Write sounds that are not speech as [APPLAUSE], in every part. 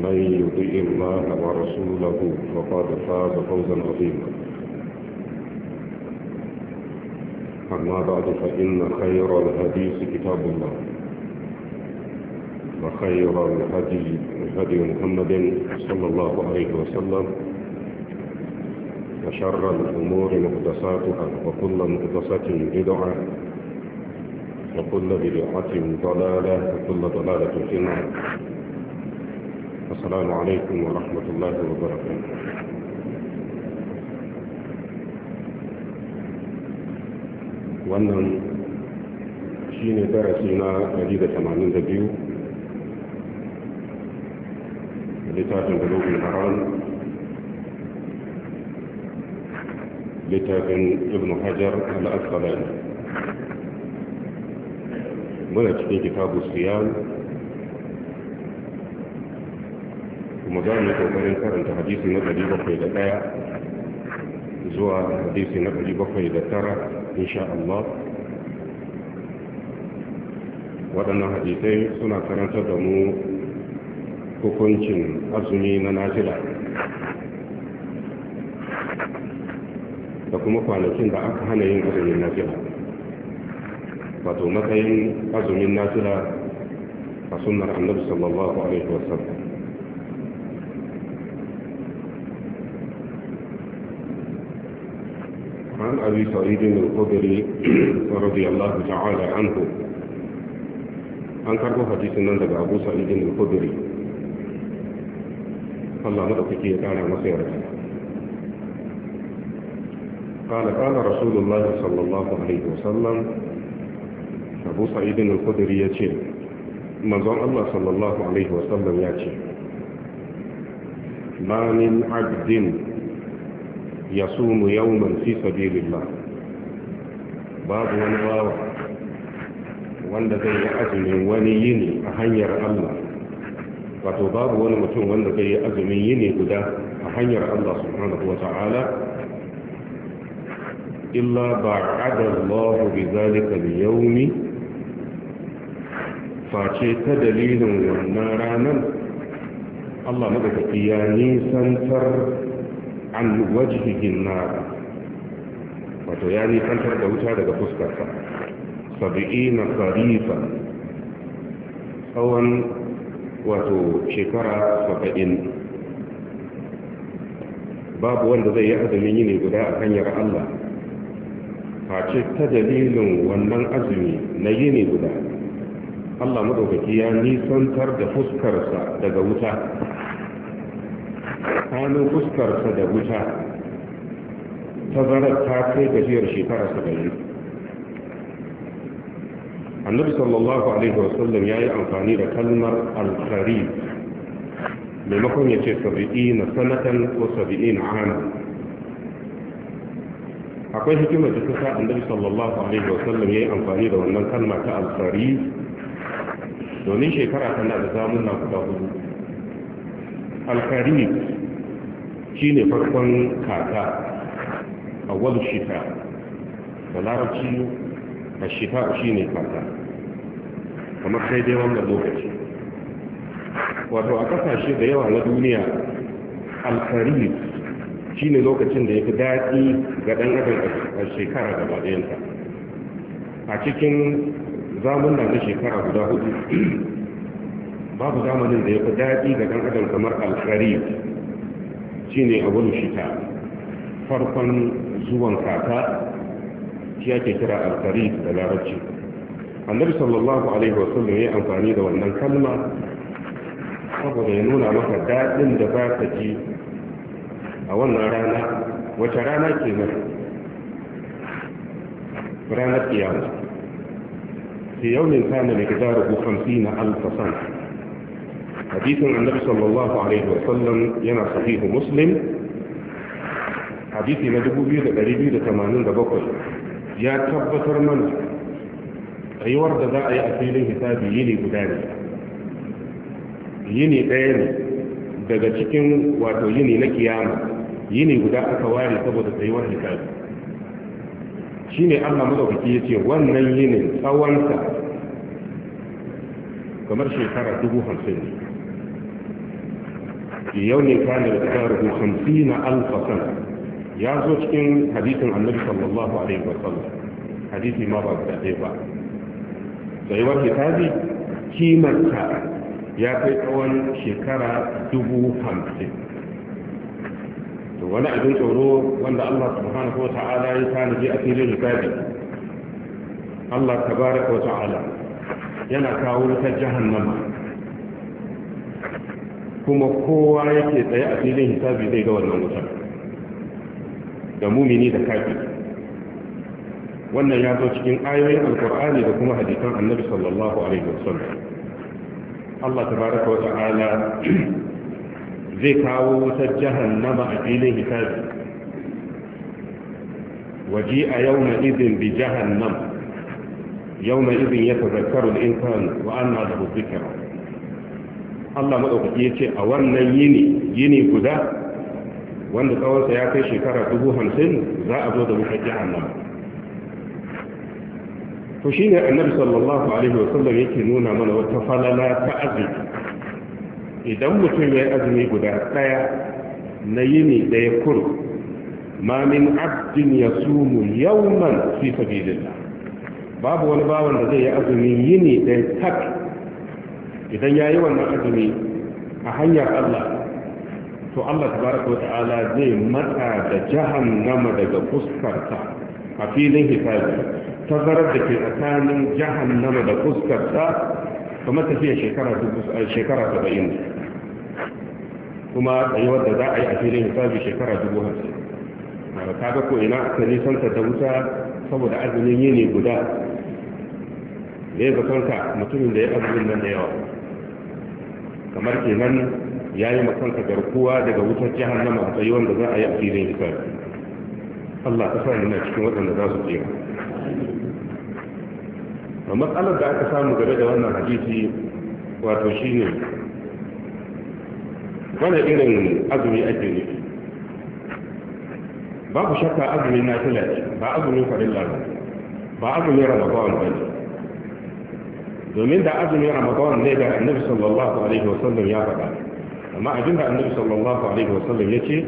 ومن يطيع الله ورسوله فقد فاز فوزا عظيما أما بعد فإن خير الحديث كتاب الله وخير الهدي هدي محمد صلى الله عليه وسلم وشر الأمور مقدساتها وكل مقدسات بدعة وكل بدعة ضلالة وكل ضلالة في النار السلام عليكم ورحمة الله وبركاته wannan shi ne darasi na 182 littafin galibin haram littafin ibn hajar al'asfalani muna cikin kitabu siyan kuma za mu yi kokarin karanta hadisi na ɗari bakwai da ɗaya zuwa hadisi na ɗari bakwai da tara insha Allah waɗannan hadisai suna karanta da mu hukuncin azumi na nafila da kuma kwanakin da aka hana yin azumin nafila wato matsayin azumin nafila a sunnar annabi sallallahu alaihi wasallam عن أبي سعيد الخدري رضي الله تعالى عنه an karɓo hadisin nan daga abu sa'idin al-khudri Allah madaukake ya kara masa yarda قال قال رسول الله صلى الله عليه وسلم أبو سعيد الخدري يتي منظر الله صلى الله عليه وسلم يتي ما من عبد ya yasumu yawman fi sabilillah babu wani bawa wanda zai yi azumin wani yini a hanyar Allah wato babu wani mutum wanda zai yi azumin yini guda a hanyar Allah subhanahu wa ta'ala illa ba'ada Allah bi zalika al-yawmi face ta dalilin wannan ranar Allah madaukaki ya nisantar an wajhihin nar wato ya nisantar da wuta daga fuskarsa sabi'ina sarifa tsawon wato shekara saba'in babu wanda zai yi azumin yini guda a hanyar Allah face ta dalilin wannan azumi na yini guda Allah madaukaki ya nisantar da fuskarsa daga wuta tsakanin fuskarsa da wuta tazarar ta kai gajiyar shekara saba'in annabi sallallahu alaihi wasallam ya yi amfani da kalmar alkari maimakon ya ce sabi'i na sanatan ko sabi'i na ana akwai hikimar da ta sa annabi sallallahu alaihi wasallam ya yi amfani da wannan kalma ta alkari domin shekara tana da zamun na guda hudu alkari Shi ne farkon kaka a wani shita da larabci a shi ne kaka kamar sai dai wannan lokaci wato a kasashe da yawa na duniya shi ne lokacin da ya fi daɗi ga ɗan adam a shekara gaba ɗayanta a cikin zamunan na shekara guda hudu babu zamanin da ya fi daɗi ga ɗan adam kamar alkari shine awwalu shita farkon zuwan kaka shi ke kira alkari da larabci annabi sallallahu alaihi wasallam ya amfani da wannan kalma saboda ya nuna maka daɗin da za ka ji a wannan rana wace rana ke nan ranar kiyama fi yaunin kana da gidaru 50 na alfasan hadisin annabi sallallahu alaihi wasallam yana sahihu muslim hadisi na 2287 ya tabbatar mana tsayuwar da za a yi a filin hisabi yini guda ne yini ɗaya ne daga cikin wato yini na kiyama yini guda aka ware saboda tsayuwar hisabi shi ne allah madaukaki ya ce wannan yinin tsawonsa kamar shekara dubu hamsin ne Yau ne yawmin kana yadkaruhu 50 alf alfasan. ya zo cikin hadisin annabi sallallahu alaihi wa sallam hadisi ma ba da dai ba sai wa kimanta ya kai tsawon shekara dubu hamsin to wani abin tsoro wanda Allah subhanahu wa ta'ala ya tanaji a filin hisabi Allah tabaraka wa ta'ala yana kawo ta jahannama kuma kowa yake tsaye a filin hisabi zai ga wannan wutar da mumini da kafi wannan ya zo cikin ayoyin alkur'ani da kuma hadisan annabi sallallahu alaihi wasallam Allah tabaraka wa ta'ala [CLEARS THROAT] zai kawo wutar jahannama a filin hisabi waji a yawma izin bi jahannam yawma idin yatazakkaru al-insanu wa anna lahu dhikra Allah maɗaukaki ya ce a wannan yini yini guda wanda tsawonsa ya kai shekara dubu hamsin za a zo da wutar jahannama to shi ne annabi sallallahu alaihi wasallam yake nuna mana wata falala ta azumi idan mutum ya yi azumi guda ɗaya na yini ɗaya kur ma min abdin ya sumu yawman fi sabilillah babu wani bawan da zai yi azumi yini ɗaya tak idan ya yi wannan azumi a hanyar Allah to Allah tabaraka ta'ala zai matsa da jahannama daga fuskarta a filin hisabi tazarar da ke tsakanin jahannama da fuskarta ta tafiya shekara eh, shekara saba'in kuma tsayuwar da za a yi a filin hisabi shekara dubu hamsin kaga ko ina aka nisanta da wuta saboda azumin yini guda ne ga zatonka mutumin da ya azumin nan da yawa kamar kenan ya yi makansa garkuwa daga wutar jahannama a tsayi wanda za a yi a filin hisabi Allah ta sa yana cikin waɗanda za su tsira a matsalar da aka samu game da wannan hadisi wato shi shine wani irin azumi ake nufi babu shakka azumin nafila ce ba azumin farilla ba ba azumin ramadan ba ne domin da azumin ramadan ne da annabi sallallahu alaihi sallam ya faɗa amma abin da annabi sallallahu alaihi wasallam ya ce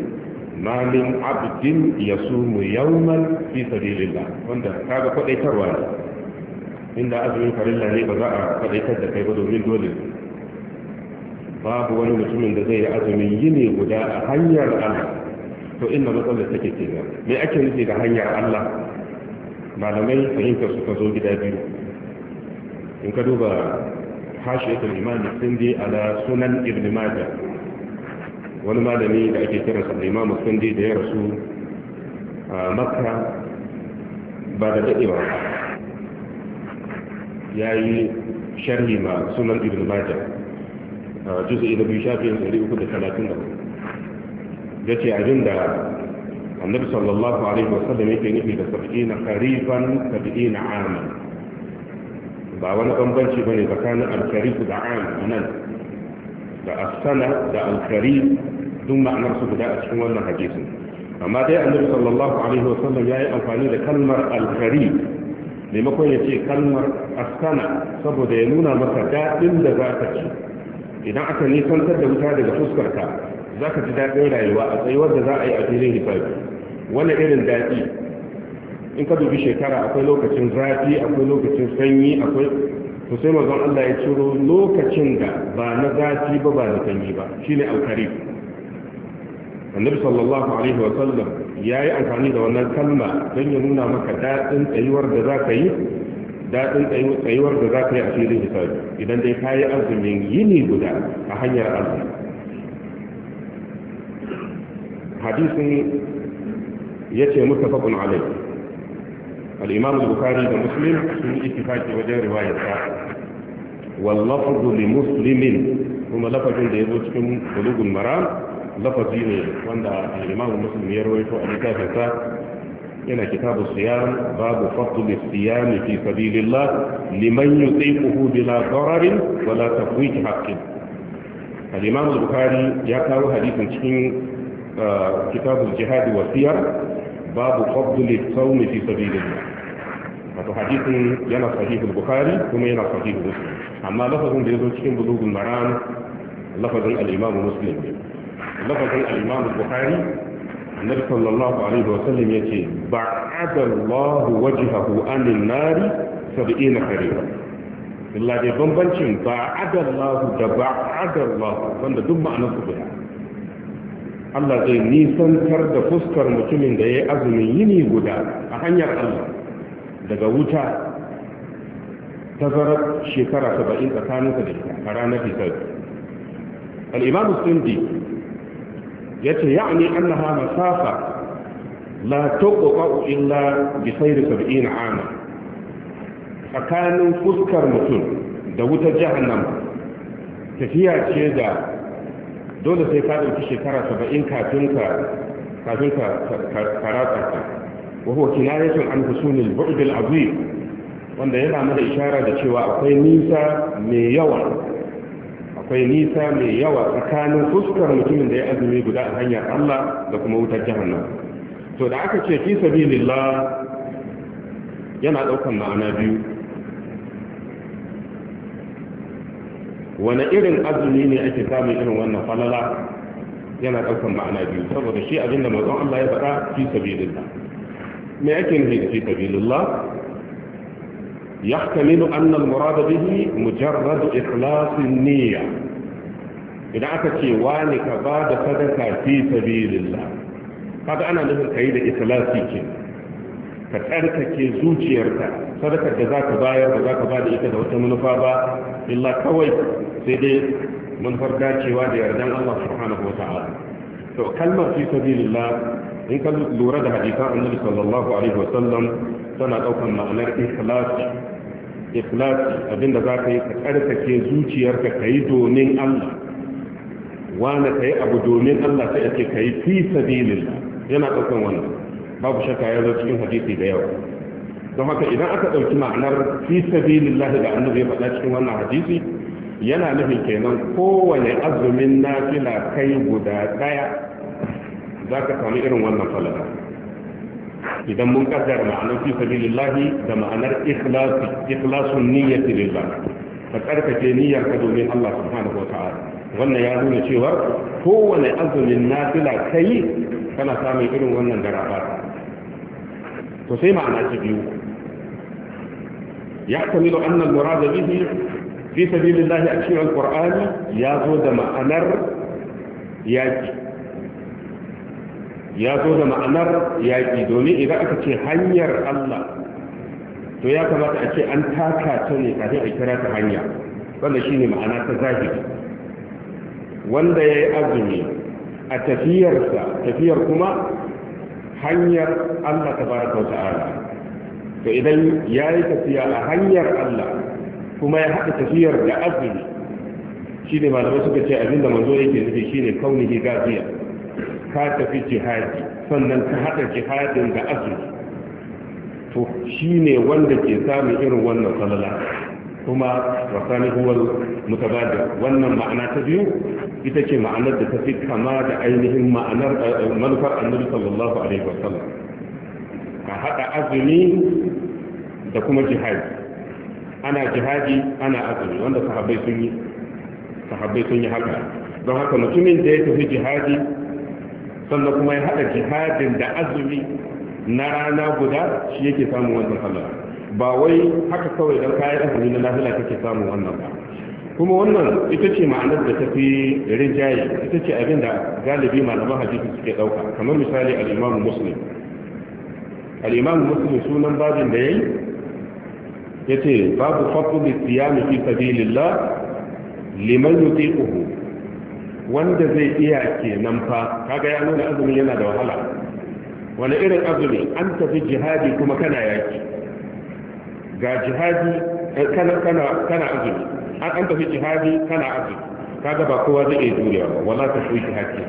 ma min abdin yasumu yawman fi sabilillah wanda kaga kwadaitarwa ne inda azumin farilla ne ba za a kwadaitar da kai ba domin dole babu wani mutumin da zai yi azumin yini guda a hanyar Allah to inda matsalar take kenan me ake nufi da hanyar Allah malamai fahimtar su zo gida biyu in ka duba hashiyatul imam sindi ala sunan ibn majah wani malami da ake kiransa da imam sindi da ya rasu a makka ba da dadewa ya yi sharhi ma sunan ibn majah juz'i na biyu shafin 334 ya ce abin da النبي صلى الله عليه وسلم يكي نفي لسبعين قريبا سبعين عاما ba wani bambanci ba ne tsakanin alkariku da an nan da asana da alkari duk ma'anar su guda a cikin wannan hadisi amma dai annabi sallallahu alaihi wa sallam yayi amfani da kalmar alkari maimakon ya ce kalmar asana saboda ya nuna maka daɗin da za ka ci idan aka nisantar da wuta daga fuskarka za ka ji daɗin rayuwa a tsayuwar da za a yi a filin hisabi wani irin daɗi in ka dubi shekara akwai lokacin zafi akwai lokacin sanyi akwai to sai mazan Allah ya ciro lokacin da ba na zafi ba ba na sanyi ba shine alkari annabi sallallahu alaihi wa sallam yayi amfani da wannan kalma don ya nuna maka dadin tsayuwar da za ka yi dadin tsayuwar da za ka yi a filin hisabi idan dai ka yi azumin yini guda a hanyar azumi hadisin ya ce mutafaqun alaihi الإمام البخاري ومسلم في اتفاق وجه رواية واللفظ لمسلم kuma lafazin da ya zo cikin bulugun maram lafazi ne wanda al'imamu muslim ya rawaito a littafinsa yana kitabu siyam babu fadl siyam fi sabilillah liman yutiquhu bila dararin wala tafwit haqqin al-imam al-bukhari ya kawo hadisin cikin kitabu jihad wa siyar babu fadl sawm fi sabilillah wato hadisin yana sahihul bukhari kuma yana sahihul muslim amma lafazin da ya zo cikin bulugul maram lafazin al-imamu muslim lafazin al-imamu bukhari annabi sallallahu alaihi wa sallam yace ba'ada Allah wajhahu anin nar 70 kariba illa dai bambancin ba'ada Allah da ba'ada Allah wanda duk ma'anar su guda Allah zai nisantar da fuskar mutumin da ya yi azumin yini guda a hanyar Allah daga wuta tazarar shekara saba'in tsakaninsa da ita a ranar hisabi al'imam sindi ya ce ya ne an naha masafa la tokoka illa bisairu saba'in ana tsakanin fuskar mutum da wutar jahannama tafiya ce da dole sai ka ɗauki shekara saba'in kafin ka ratsa wa huwa kinayatun an husulil bu'd wanda yana mana ishara da cewa akwai nisa mai yawa akwai nisa mai yawa tsakanin fuskar mutumin da ya azumi guda a hanyar Allah da kuma wutar jahannam to da aka ce fi sabilillah yana daukan ma'ana biyu wani irin azumi ne ake samun irin wannan falala yana daukan ma'ana biyu saboda shi abinda mazan Allah ya faɗa fi sabilillah me ake nufi da fi sabilillah yahtamilu anna al-murad bihi mujarrad ikhlas niyya idan aka ce wani ka ba da sadaka fi sabilillah kaga ana nufin kai da ikhlasi ke ka tsarkake zuciyarka sadakar da zaka bayar da ka ba da ita da wata manufa ba illa kawai sai dai manufar dacewa da yardan Allah subhanahu wa ta'ala to kalmar fi sabilillah in ka lura da hadisan annabi sallallahu alaihi wa sallam tana daukan ma'anar ikhlasi ikhlasi abinda za ka yi ka karkake zuciyarka ka yi domin Allah wanda ka yi abu domin Allah sai ake ka yi fi sabilillah yana daukan wannan babu shakka ya zo cikin hadisi da yawa don haka idan aka dauki ma'anar fi sabilillah da annabi ya faɗa cikin wannan hadisi yana nufin kenan kowane azumin nafila kai guda ɗaya. za ka samu irin wannan falala idan mun kaddara ma'anar fi sabilillahi da ma'anar ikhlasi ikhlasun niyyati lillah ka tsarkake niyyar ka domin Allah subhanahu wa ta'ala wannan ya nuna cewa kowane azumin nafila kai kana samun irin wannan daraba to sai ma'ana ta biyu ya kamilu annal murada bihi fi sabilillahi a cikin alqur'ani ya zo da ma'anar yaki ya zo da ma'anar yaƙi domin idan aka ce hanyar Allah to ya kamata a ce an taka ta ne kafin a kira ta hanya wanda shi ne ma'ana ta zahiri wanda ya yi azumi a tafiyarsa tafiyar kuma hanyar Allah ta ta'ala to idan ya yi tafiya a hanyar Allah kuma ya haɗa tafiyar da azumi shi ne malamai suka ce abinda manzo yake nufi shi ne kaunihi jiya. ka tafi jihadi sannan ka haɗa jihadin da azumi to shi ne wanda ke samun irin wannan falala kuma wasani huwal mutabada wannan ma'ana ta biyu ita ce ma'anar da ta fi kama da ainihin ma'anar eh, eh, manufar annabi sallallahu alaihi wasallam ka haɗa azumi da kuma jihadi ana jihadi ana azumi wanda sahabbai sun yi sahabbai sun yi haka don haka mutumin da ya tafi jihadi sannan kuma ya haɗa jihadin da azumi na rana guda shi yake samun wannan halal ba wai haka kawai don kayan azumi na lafiya kake samun wannan ba kuma wannan ita ce ma'anar da tafi rinjaye ita ce abin da galibi malaman hadisi suke ɗauka kamar misali al'imamu muslim al'imamu muslim sunan babin da ya yi ya ce babu fadli fi sabilillah liman yutiquhu wanda zai iya kenan fa kaga ya nuna azumi yana da wahala wani irin azumi an tafi jihadi kuma kana yaki ga jihadi eh, kana kana kana azumi an tafi jihadi kana azumi kaga ba kowa zai iya juriya ba wala ta shi jihadi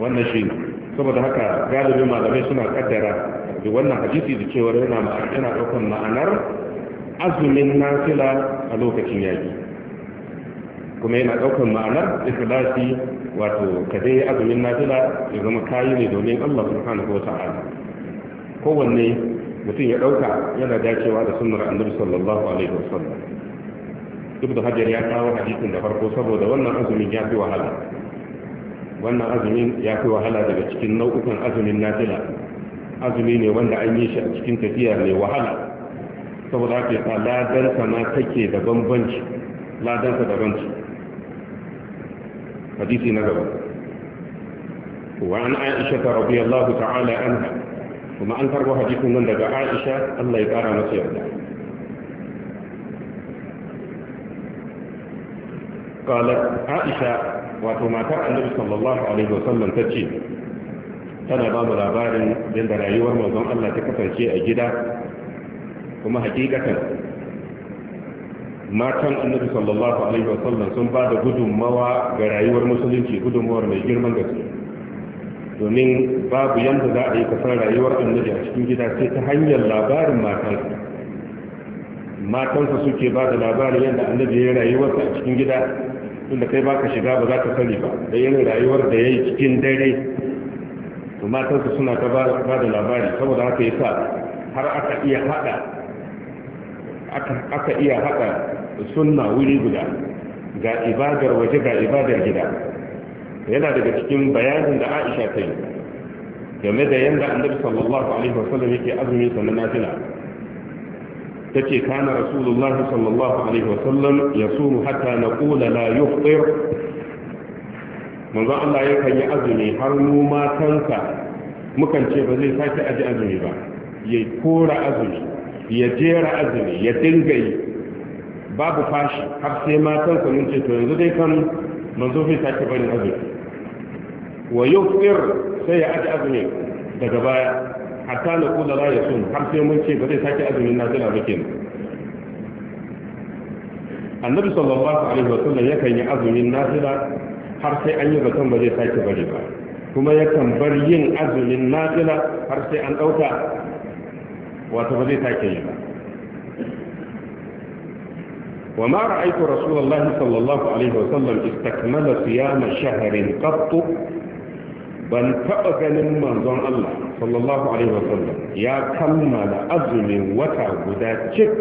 wannan shi saboda haka galibin malamai suna kaddara da wannan hadisi da cewa yana ma'ana ma'anar azumin nafila a lokacin yaki kuma yana ɗaukar ma'anar ikhlasi wato ka dai azumin nafila ya zama kayi ne domin Allah subhanahu wata'ala kowanne mutum ya ɗauka yana dacewa da sunnar annabi sallallahu alaihi wasallam duk da hajjar ya kawo hadisin da farko saboda wannan azumin ya fi wahala wannan azumin ya fi wahala daga cikin nau'ukan azumin nafila azumi ne wanda an yi shi a cikin tafiya mai wahala saboda haka yasa ladan ma take da bambanci ladansa da bambanci حديث نبوة وعن عائشة رضي الله تعالى عنها وما أنكر حديث من لدى عائشة الله يبارى مسير قالت عائشة وما ترى النبي صلى الله عليه وسلم تجي أنا بابا mu labarin yadda rayuwar manzon Allah ta kasance a gida matan annabi sallallahu alaihi wa sallam sun ba da gudunmawa ga rayuwar musulunci gudunmawar mai girman gaske domin babu yanda za a yi kasar rayuwar annabi a cikin gida sai ta hanyar labarin matansa matansa suke ba da labarin yadda annabi ya yi rayuwarsa a cikin gida tunda kai baka shiga ba za ka sani ba da yin rayuwar da ya yi cikin dare to matansa suna ta ba da labari saboda haka yasa har aka iya hada aka iya haɗa sunna wuri guda ga ibadar waje ga ibadar gida yana daga cikin bayanin da aisha ta yi game da yadda annabi sallallahu alaihi wasallam yake azumi sannan nafila ta ce kana rasulullah sallallahu alaihi wasallam ya suru hatta na kula la yuftir manzon Allah ya kan yi azumi har mu mukan ce ba zai sake aji azumi ba ya kora azumi ya jera azumi ya dinga yi babu fashi har sai matan sa mun ce to yanzu dai kan zo fi sake barin azumi wa yufir sai ya aji azumi daga baya hatta na kula ya sun har sai mun ce ba zai sake azumin nazila ba kenan annabi sallallahu alaihi wa sallam yakan yi azumin nazila har sai an yi zaton ba zai sake bari ba kuma yakan bar yin azumin nazila har sai an dauka wato ba zai take yi ba wa ma ra'aytu rasulullahi sallallahu alaihi wa sallam istakmala siyama shahrin qattu ban taɓa ganin manzon Allah sallallahu alaihi wa sallam ya kammala azumin wata guda cik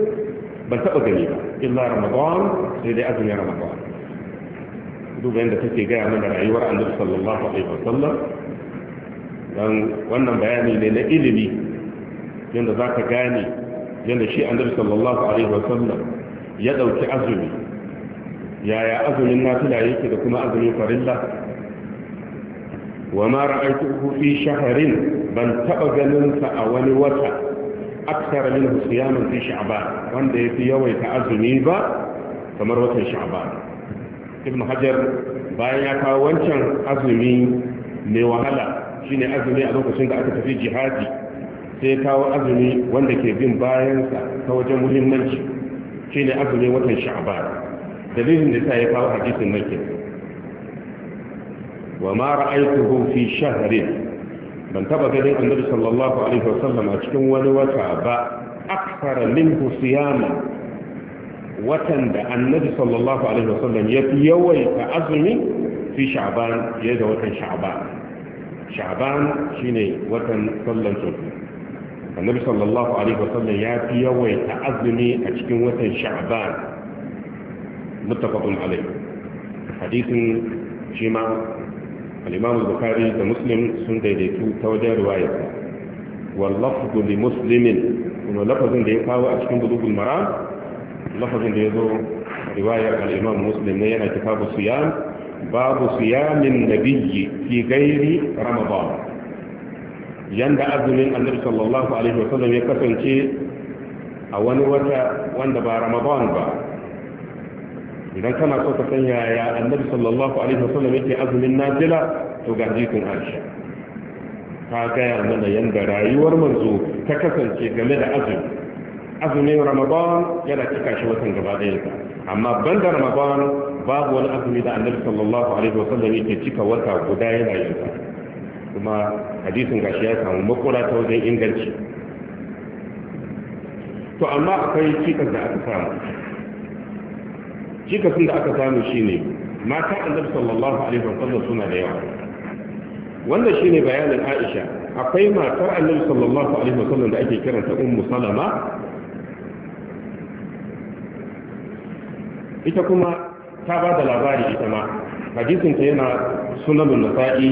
ban taɓa gani ba illa ramadan sai dai azumin ramadan Duba yadda take gaya mana rayuwar annabi sallallahu alaihi wa sallam dan wannan bayani ne na ilimi yadda za ka gane yadda shi annabi sallallahu alaihi wasallam ya ɗauki azumi yaya azumin nafila yake da kuma azumin farilla wa ma ra'aytuhu fi shaharin ban taɓa ganin sa a wani wata akthar min siyamin fi shaba wanda yafi yawaita azumi ba kamar watan shaba. ibn hajar bayan ya kawo wancan azumi mai wahala shine azumi a lokacin da aka tafi jihadi sai kawo azumi wanda ke bin bayansa ta wajen muhimmanci shine azumi watan sha'ban dalilin da sai ya kawo hadisin nake wa ma ra'aytuhu fi shahrin ban taba ganin annabi sallallahu alaihi wasallam a cikin wani wata ba akthara Min siyama watan da annabi sallallahu alaihi wasallam ya fi yawaita azumi fi sha'ban fiye da watan sha'ban sha'ban shine watan sallan sunna annabi sallallahu alaihi wasallam ya fi yawai ta azumi a cikin watan sha'ban muttafaqun alaihi hadisin shi ma al-imam bukhari da muslim sun daidaitu ta wajen riwaya. wal lafzu li muslimin kuma lafazin da ya kawo a cikin bulugul mara. lafazin da ya zo riwayar al-imam muslim ne yana kitabu siyam babu siyamin nabiyyi fi gairi ramadan yanda azumin annabi sallallahu alaihi wasallam ya kasance a wani wata wanda ba ramadan ba idan kana so ka san yaya annabi sallallahu alaihi wa wasallam yake azumin nafila to ga jikin aisha Ka gaya mana yanda rayuwar manzo ta kasance game da azumi azumin ramadan yana cika shi watan gaba ɗayansa amma ban da ramadan babu wani azumi da annabi sallallahu alaihi wa wasallam yake cika wata guda yana yin kuma hadisin gashi ya samu makura ta wajen inganci to amma akwai cikas da aka samu cikasin da aka samu shine mata annabi sallallahu alaihi wasallam suna da yawa wannan shine bayanin Aisha akwai matar annabi sallallahu alaihi wasallam da ake kiranta ummu salama ita kuma ta ba da labari ita ma hadisin ta yana sunan nasa'i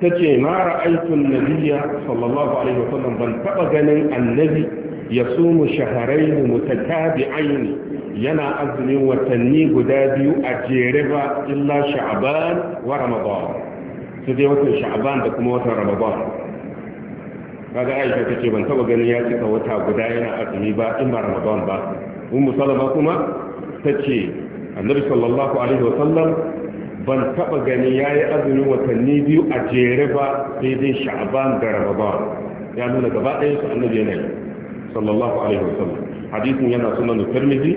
ta ce na ra'aitun nabiya sallallahu alaihi wasallam ban taɓa ganin annabi ya sumu shaharaini mutatabi'aini yana azumin watanni guda biyu a jere ba illa sha'ban wa ramadan su dai watan sha'ban da kuma watan ramadan kaga aisha ta ce ban taɓa ganin ya cika wata guda yana azumi ba in ba ramadan ba ummu salama kuma ta ce annabi sallallahu alaihi wasallam ban taba gani ya yi azumin watanni biyu a jere ba daidai sha'aban da rababa ya nuna gaba ɗaya su annabi yana yi sallallahu alaihi wasallam hadisin yana sunan tirmidhi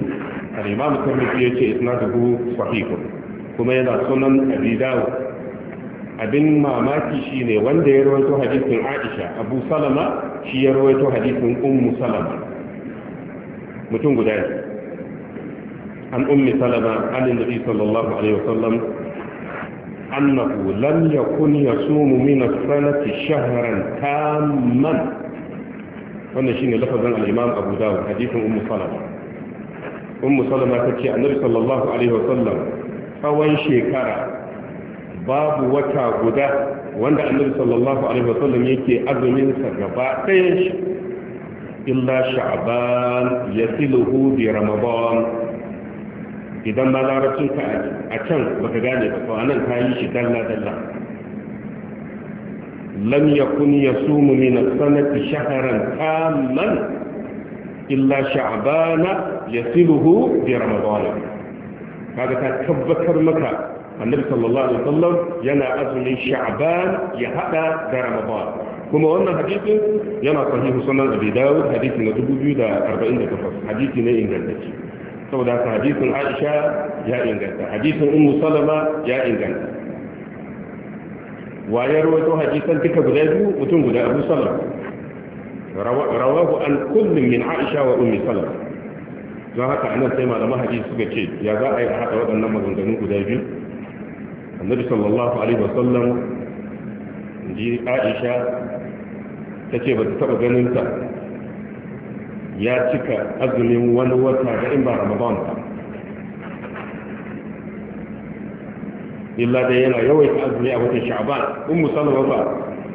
al-imam tirmidhi yace isnaduhu sahih kuma yana sunan abi dawud abin mamaki shine wanda ya rawaito hadisin aisha abu salama shi ya rawaito hadisin ummu salama mutum guda an ummi salama an nabi sallallahu alaihi wasallam أنه لم يكن يصوم من السنة شهرا تاما فنشين لفظا الإمام أبو داود حديث أم صلمة أم صلمة تتشي النبي صلى الله عليه وسلم فوان شيكارا باب وكا قدا وان النبي صلى الله عليه وسلم يكي أزمين سجباء إلا شعبان يصله برمضان رمضان idan ma larabcin ka a can baka gane ba kawai nan ka yi shi dalla dalla lam yakun yasumu min sanati shahran tamman illa sha'bana yasiluhu bi ramadan kaga ka tabbatar maka annabi sallallahu alaihi wasallam yana azumin sha'ban ya hada da ramadan kuma wannan hadisin yana sahihu sunan abi dawud hadisi na 2048 hadisi ne ingantacce saboda haka hadisin aisha ya inganta hadisin ummu salama ya inganta wayar wato hadisan duka guda biyu mutum guda abu salama rawahu an kullum min aisha wa ummi salama don haka anan sai malaman hadisi suka ce ya za a yi haɗa waɗannan maganganun guda biyu annabi sallallahu alaihi wasallam ji aisha ta ce ba ta taɓa ganin ta ya cika azumin wani wata da in ba ramadan ba illa da yana yawaita azumi a watan sha'ban in musamman ba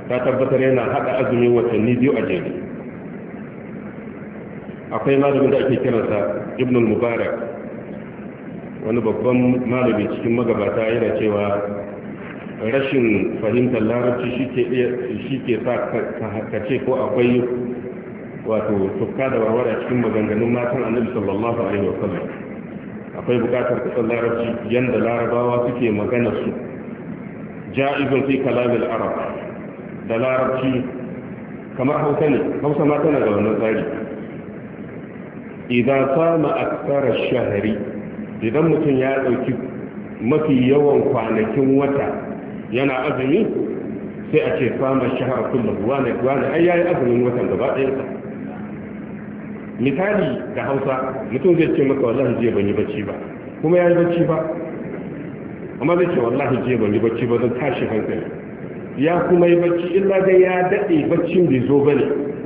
ta tabbatar yana haɗa azumin watanni biyu a jere akwai malamin da ake kiransa ibn mubarak wani babban malami cikin magabata yana cewa rashin fahimtar larabci shi ke sa ka ce ko akwai wato tukka da warware cikin maganganun matan annabi sallallahu alaihi wasallam akwai bukatar kasar larabci yanda larabawa suke magana su ja'izun fi kalamil arab da larabci kamar hausa ne hausa ma tana da wannan tsari idan sama aksara shahari idan mutum ya dauki mafi yawan kwanakin wata yana azumi sai a ce sama shahar kullum wani wani ai yayi azumin watan gaba ɗayan misali da hausa mutum zai ce maka wallahi jiya ban yi bacci ba kuma ya yi bacci ba amma zai ce wallahi jiya ban yi bacci ba zan tashi hankali ya kuma yi bacci illa dai ya daɗe baccin bai zo bane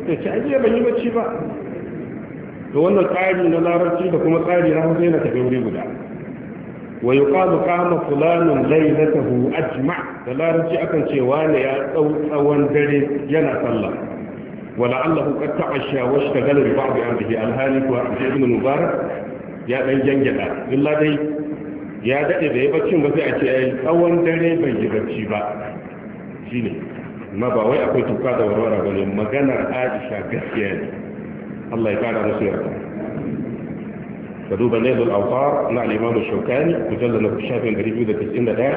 ya ce a jiya ban yi bacci ba to wannan tsari na larabci da kuma tsari na hausa yana tafi wuri guda wa yuqalu qama fulanun laylatahu ajma' da larabci akan ce wani ya tsau tsawon dare yana sallah ولعله قد تعشى واشتغل ببعض امره الهالك وعبد ابن المبارك يا من جنجل الا دي يا دقي دي بكين بس اي اول دري بن جبتشي با شيني ما با وي اكو توكا دا ورورا بني مغانا عائشه غسيا الله يبارك رسولك فدوب نيل الاوطار مع الامام الشوكاني وجلنا في الشافعي 391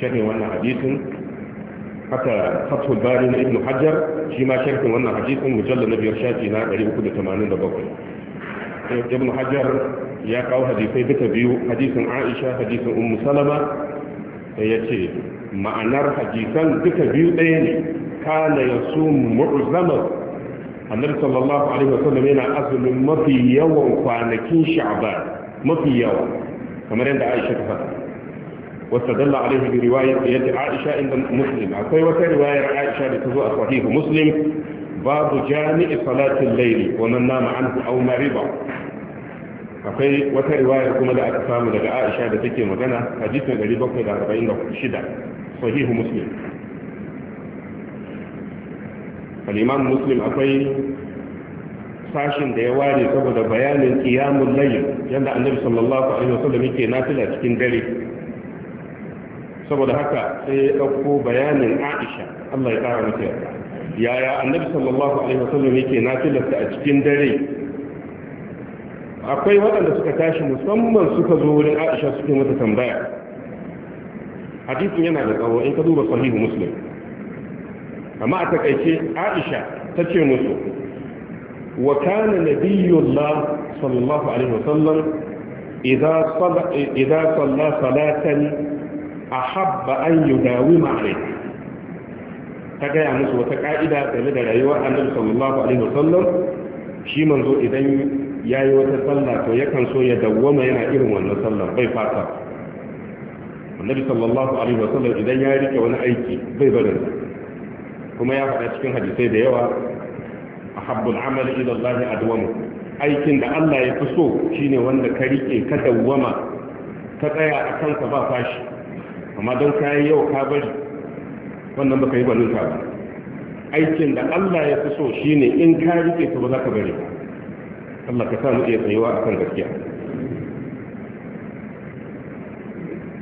شافعي وانا حديث haka fathul bari na ibnu hajar shi ma sharhin wannan hadisin mujallal na biyar shafi na 387 ibnu hajar ya kawo hadisai duka biyu hadisin aisha hadisin ummu salama ya ce ma'anar hadisan duka biyu ɗaya ne kana yasu mu'zama annabi sallallahu alaihi wasallam yana azumin mafi yawan kwanakin sha'ban mafi yawa kamar yadda aisha ta faɗa واستدل عليه برواية عائشة عند مسلم أكوي وكا رواية عائشة لتزوء صحيح مسلم باب جامع صلاة الليل ومن نام عنه أو مرضى akwai wata riwayar kuma da aka samu daga Aisha da take magana hadisin 746 sahihu Muslim al-Imam Muslim akwai sashin da ya ware saboda bayanin kiyamun layin yadda Annabi sallallahu alaihi wasallam yake nafila cikin dare saboda haka sai ya ɗauko bayanin aisha allah ya ƙara mata yarda yaya annabi sallallahu alaihi wasallam yake nafilarsa a cikin dare akwai waɗanda suka tashi musamman suka zo wurin aisha suke mata tambaya hadisin yana da tsawo in ka duba sahihu muslim amma a takaice aisha ta ce musu wa kana nabiyullah sallallahu alaihi wasallam idza salla idza A ahabba an yudawima alayhi ta gaya musu wata ka'ida game da a annabi sallallahu alaihi wasallam shi manzo idan ya yi wata sallah to yakan so ya dawwama yana irin wannan sallah bai fata annabi sallallahu alaihi wasallam idan ya rike wani aiki bai barin kuma ya faɗa cikin hadisai da yawa ahabbul amali ila Allah adwamu aikin da Allah ya fi so shine wanda ka rike ka dawwama ka tsaya a kansa ba fashi amma don kayi yau ka bari wannan baka yi ba ka ba aikin da Allah ya fi so shine in ka rike ta ba za ka bari Allah ka sa mu iya tsayuwa kan gaskiya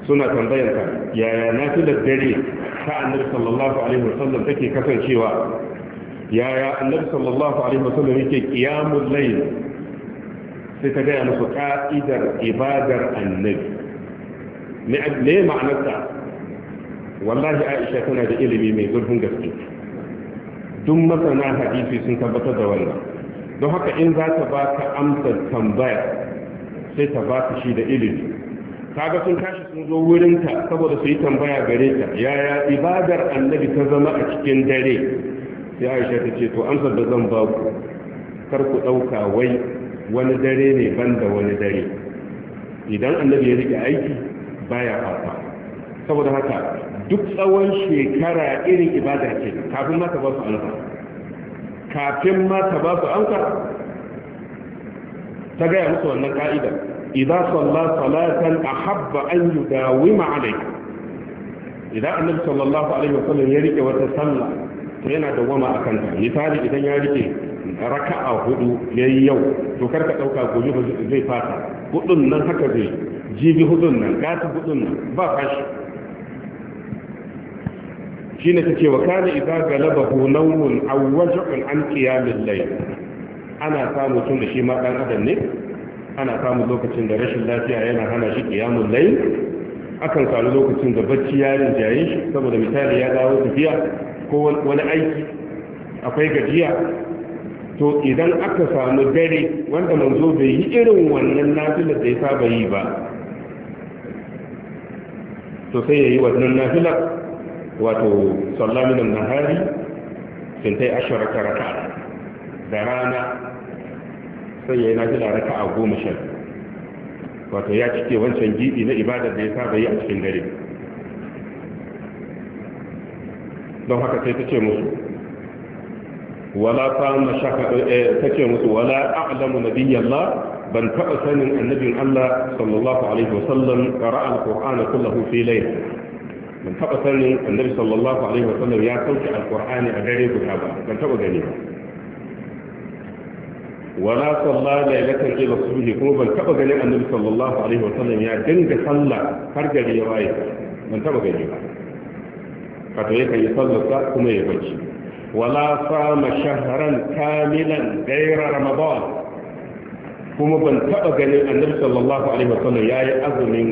suna tambayar ka yaya nafilar dare ta annabi sallallahu alaihi wasallam take kasancewa yaya annabi sallallahu alaihi wasallam yake qiyamul layl sai ta gaya musu ka'idar ibadar annabi me ma'anarta? wallahi aisha tana da ilimi mai zurfin gaske duk masana hadisi sun tabbatar da wannan don haka in za ta ba ka amsar tambaya sai ta ba ka shi da ilimi kaga sun tashi sun zo wurinta saboda su yi tambaya gare ta yaya ibadar annabi ta zama a cikin dare sai aisha ta ce to amsar da zan ba ku kar ku ɗauka wai wani dare ne ban da wani dare idan annabi ya rike aiki baya amfani saboda haka duk tsawon shekara irin ibada ce kafin ma ta ba su amsa kafin ma ta ba su amsa ta gaya musu wannan ka'ida idan salla salatan ahabba an yudawima alayka idan annabi sallallahu alaihi wasallam ya rike wata sallah to yana dawama akan ta misali idan ya rike raka'a hudu yayi yau to karka dauka gobe zai fata hudun nan haka zai jibi hudun nan gata hudun nan ba fashi shi ne ta ce wa kana idan galaba a wajen an qiyamin layl ana samu tun da shi ma dan adam ne ana samu lokacin da rashin lafiya yana hana shi qiyamul layl akan samu lokacin da bacci ya rinjaye shi saboda misali ya dawo tafiya ko wani aiki akwai gajiya to idan aka samu dare wanda manzo bai yi irin wannan nafilar da ya saba yi ba to sai ya yi wannan nafila wato sallaminan nahari sun tai ashirar ta raka da rana sai ya yi nafila raka a goma shan wato ya cike wancan gidi na ibadar da ya saba yi a cikin dare don haka sai ta ce musu wala ta masu ta ce musu wala a'lamu nabiyallah بن فأسن النبي الله صلى الله عليه وسلم قرأ القرآن كله في ليلة من فأسن النبي صلى الله عليه وسلم يأتوك القرآن أجري كتابا من فأسن جنيبا ولا صلى ليلة إلى الصبح قوبا فأسن النبي صلى الله عليه وسلم يا جنج صلى فرج لي رأيك من فأسن جنيبا فتويك يصلى كما يفجي ولا صام شهرا كاملا غير رمضان kuma ban taɓa ganin annabi sallallahu alaihi wasallam ya yi azumin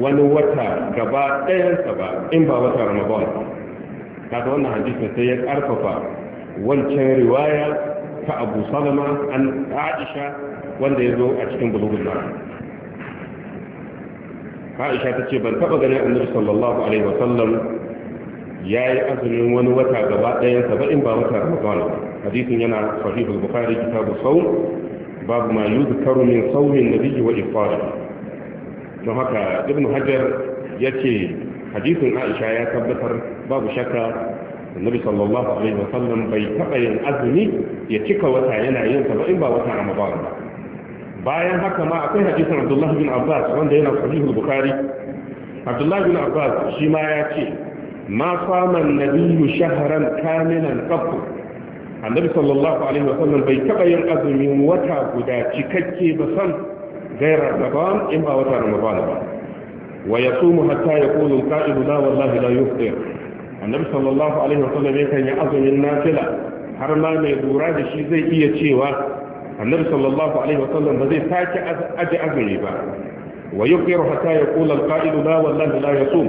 wani wata gaba ɗayansa ba in ba wata ramadan kaga wannan hadisi sai ya ƙarfafa wancan riwaya ta abu salama an aisha wanda ya zo a cikin bulugun mara aisha ta ce ban taɓa ganin annabi sallallahu alaihi wasallam ya yi azumin wani wata gaba ɗayansa ba in ba wata ramadan hadisin yana sahihul bukhari kitabu sawm babu ma yuzkaru min sawmin nabiyyi wa ifari don haka ibnu hajar ce hadisin aisha ya tabbatar babu shakka annabi sallallahu alaihi wa sallam bai taba yin azumi ya cika wata yana yin sa ba in ba wata ramadan ba bayan haka ma akwai hadisin abdullahi bin abbas wanda yana sahihul bukhari abdullahi bin abbas shi ma ya ce ma fama nabiyyu shahran kamilan qabla annabi sallallahu alaihi wa sallam bai taba yin azumin wata guda cikakke ba san gaira daban in ba wata ramadan ba wa yasumu hatta yaqulu al-qa'idu la wallahi la yufṭir annabi sallallahu alaihi wa sallam yakan yi azumin nafila har ma mai lura da shi zai iya cewa annabi sallallahu alaihi wa sallam ba zai sake aje azumi ba wa yufṭir hatta yaqulu al-qa'idu la wallahi la yasum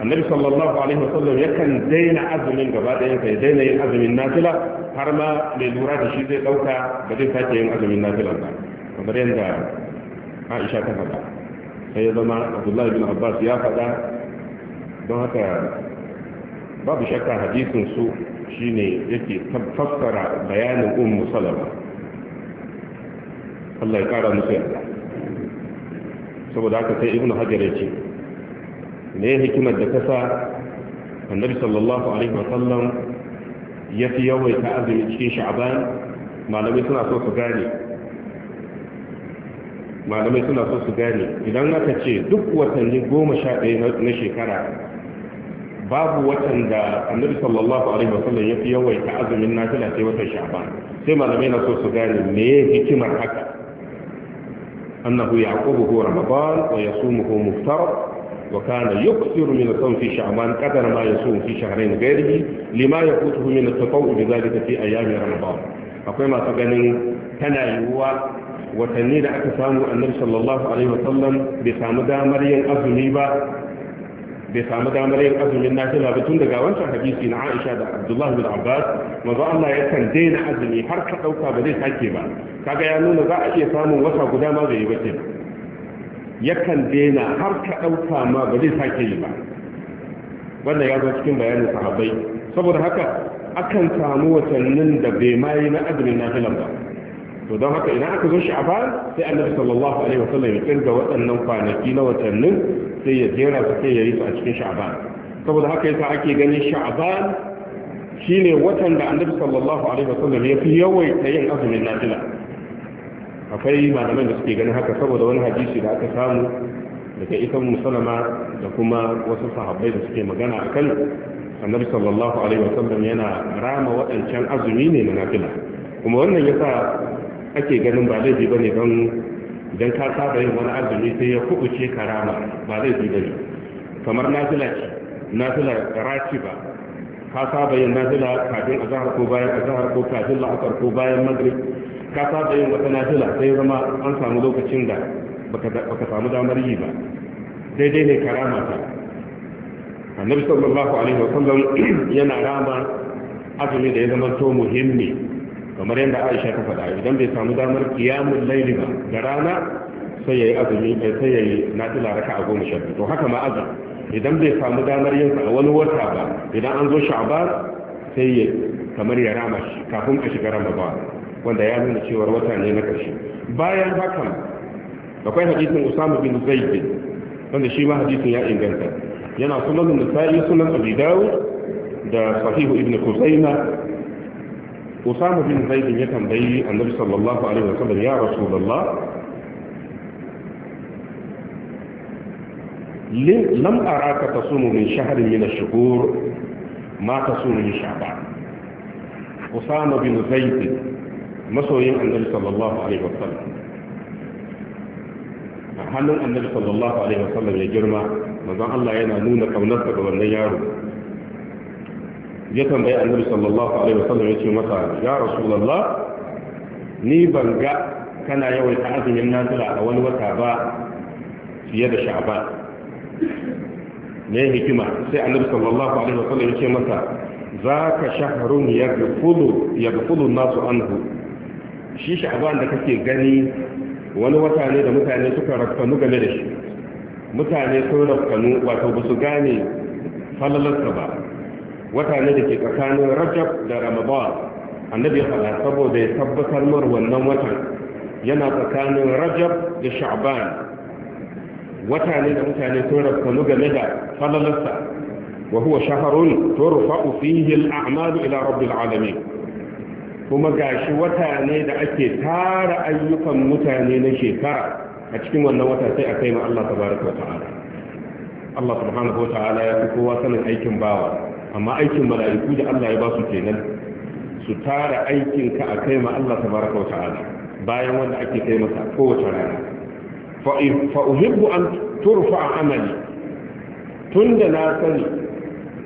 annabi sallallahu alaihi wasallam yakan daina azumin gaba ɗaya sai daina yin azumin nafila har ma mai lura da shi zai ɗauka ba zai sake yin azumin nafila ba kamar yadda Aisha ta faɗa sai ya zama Abdullahi bin Abbas ya faɗa don haka babu shakka hadisin su shine yake fassara bayanin ummu salama Allah ya kara musu yarda saboda haka sai ibnu hajar ya ce me hikimar da kasa annabi sallallahu alaihi wa sallam ya fi yawai ta azumi cikin sha'ban malamai suna so su gane malamai suna so su gane idan aka ce duk watanni goma sha ɗaya na shekara babu watan da annabi sallallahu alaihi wasallam ya fi yawai yawaita azumin nafila sai watan sha'ban sai malamai na so su gane me hikimar haka annahu yaqubuhu ramadan wa yasumuhu muftarad وكان يكثر من الصوم في شعبان كثر ما يصوم في شهرين غيره لما يفوته من التطوع بذلك في ايام رمضان فكما تغني كان يوا وتني دا اكو النبي صلى الله عليه وسلم بسامدا مريم ازني با بسامدا مريم ازني الناس لا بتون دغا وان حديث ابن عائشه دا عبد الله بن عباس ما الله يكن دين ازني هر كدوكا بزي تاكي با يا نونو ذا اكي سامو وسا غدا yakan daina har ka ɗauka ma ba zai sake yi ba wannan ya zo cikin bayanin sahabbai saboda haka akan samu watannin da bai mayi na azumin nafilan ba to don haka idan aka zo shi a baya sai annabi sallallahu alaihi wasallam ya kirga waɗannan kwanaki na watannin sai ya jera su sai ya yi su a cikin sha'aban saboda haka yasa ake ganin sha'aban shine watan da annabi sallallahu alaihi wasallam ya fi yawaita yin azumin nafila akwai malaman da suke ganin haka saboda wani hadisi da aka samu daga ita musulama da kuma wasu sahabbai da suke magana a kan annabi sallallahu alaihi wasallam yana rama waɗancan azumi ne na nafila kuma wannan yasa ake ganin ba laifi bane don idan ka saba yin wani azumi sai ya kubuce ka rama ba laifi bane kamar nafila ce nafila raci ba ka saba yin nafila kafin azhar ko bayan azhar ko kafin la'asar ko bayan maghrib ka saba yin wata nafila sai zama an samu lokacin da baka samu damar yi ba daidai ne ka rama ta annabi sallallahu alaihi wasallam [CLEARS THROAT] yana rama azumi da ya zama to muhimmi kamar yadda Aisha ta faɗa idan bai samu damar qiyamul layli ba da rana sai yayi azumi sai yayi nafila raka'a goma sha to haka ma azan idan bai samu damar yin sa a wani wata ba idan an zo sha'ban sai ya kamar ya rama kafin ka shiga ramadan wanda ya nuna cewa wata ne na ƙarshe bayan hakan akwai hadisin usama bin zaid wanda shi ma hadisin ya inganta yana sunan nisa'i sunan abi dawud da sahihu ibnu kuzaina usama bin zaid ya tambayi annabi sallallahu alaihi wasallam ya rasulullah لم أراك تصوم من شهر من الشهور ما تصوم من شعبان أسامة بن زيد masoyin annabi sallallahu alaihi wasallam a hannun annabi sallallahu alaihi wasallam ya girma manzon Allah yana nuna kaunarsa ga wannan yaro ya tambayi annabi sallallahu alaihi wasallam ya ce masa ya rasulullah ni ban ga kana yawaita azumin nafila a wani wata ba fiye da sha'ban ne hikima sai annabi sallallahu alaihi wasallam ya ce masa zaka shahrun yadkhulu yadkhulu an-nasu anhu shi Shaban da kake gani wani wata ne da mutane suka rakkanu game da shi mutane sun rakkanu wato ba su gane falalarsa ba wata ne da ke tsakanin rajab da ramadan annabi ya faɗa saboda ya tabbatar mar wannan watan yana tsakanin rajab da sha'ban wata ne da mutane sun rakkanu game da falalarsa wa huwa shaharun turfa'u fihi al-a'malu ila rabbil alamin kuma gashi wata ne da ake tara ayyukan mutane na shekara a cikin wannan wata sai a kai ma Allah tabaraka wa ta'ala Allah subhanahu wa ta'ala ya fi kowa sanin aikin bawa amma aikin mala'iku da Allah ya ba su kenan su tara aikin ka a kai ma Allah tabaraka wa ta'ala bayan wanda ake kai masa kowace rana fa uhibbu an turfa amali tunda na sani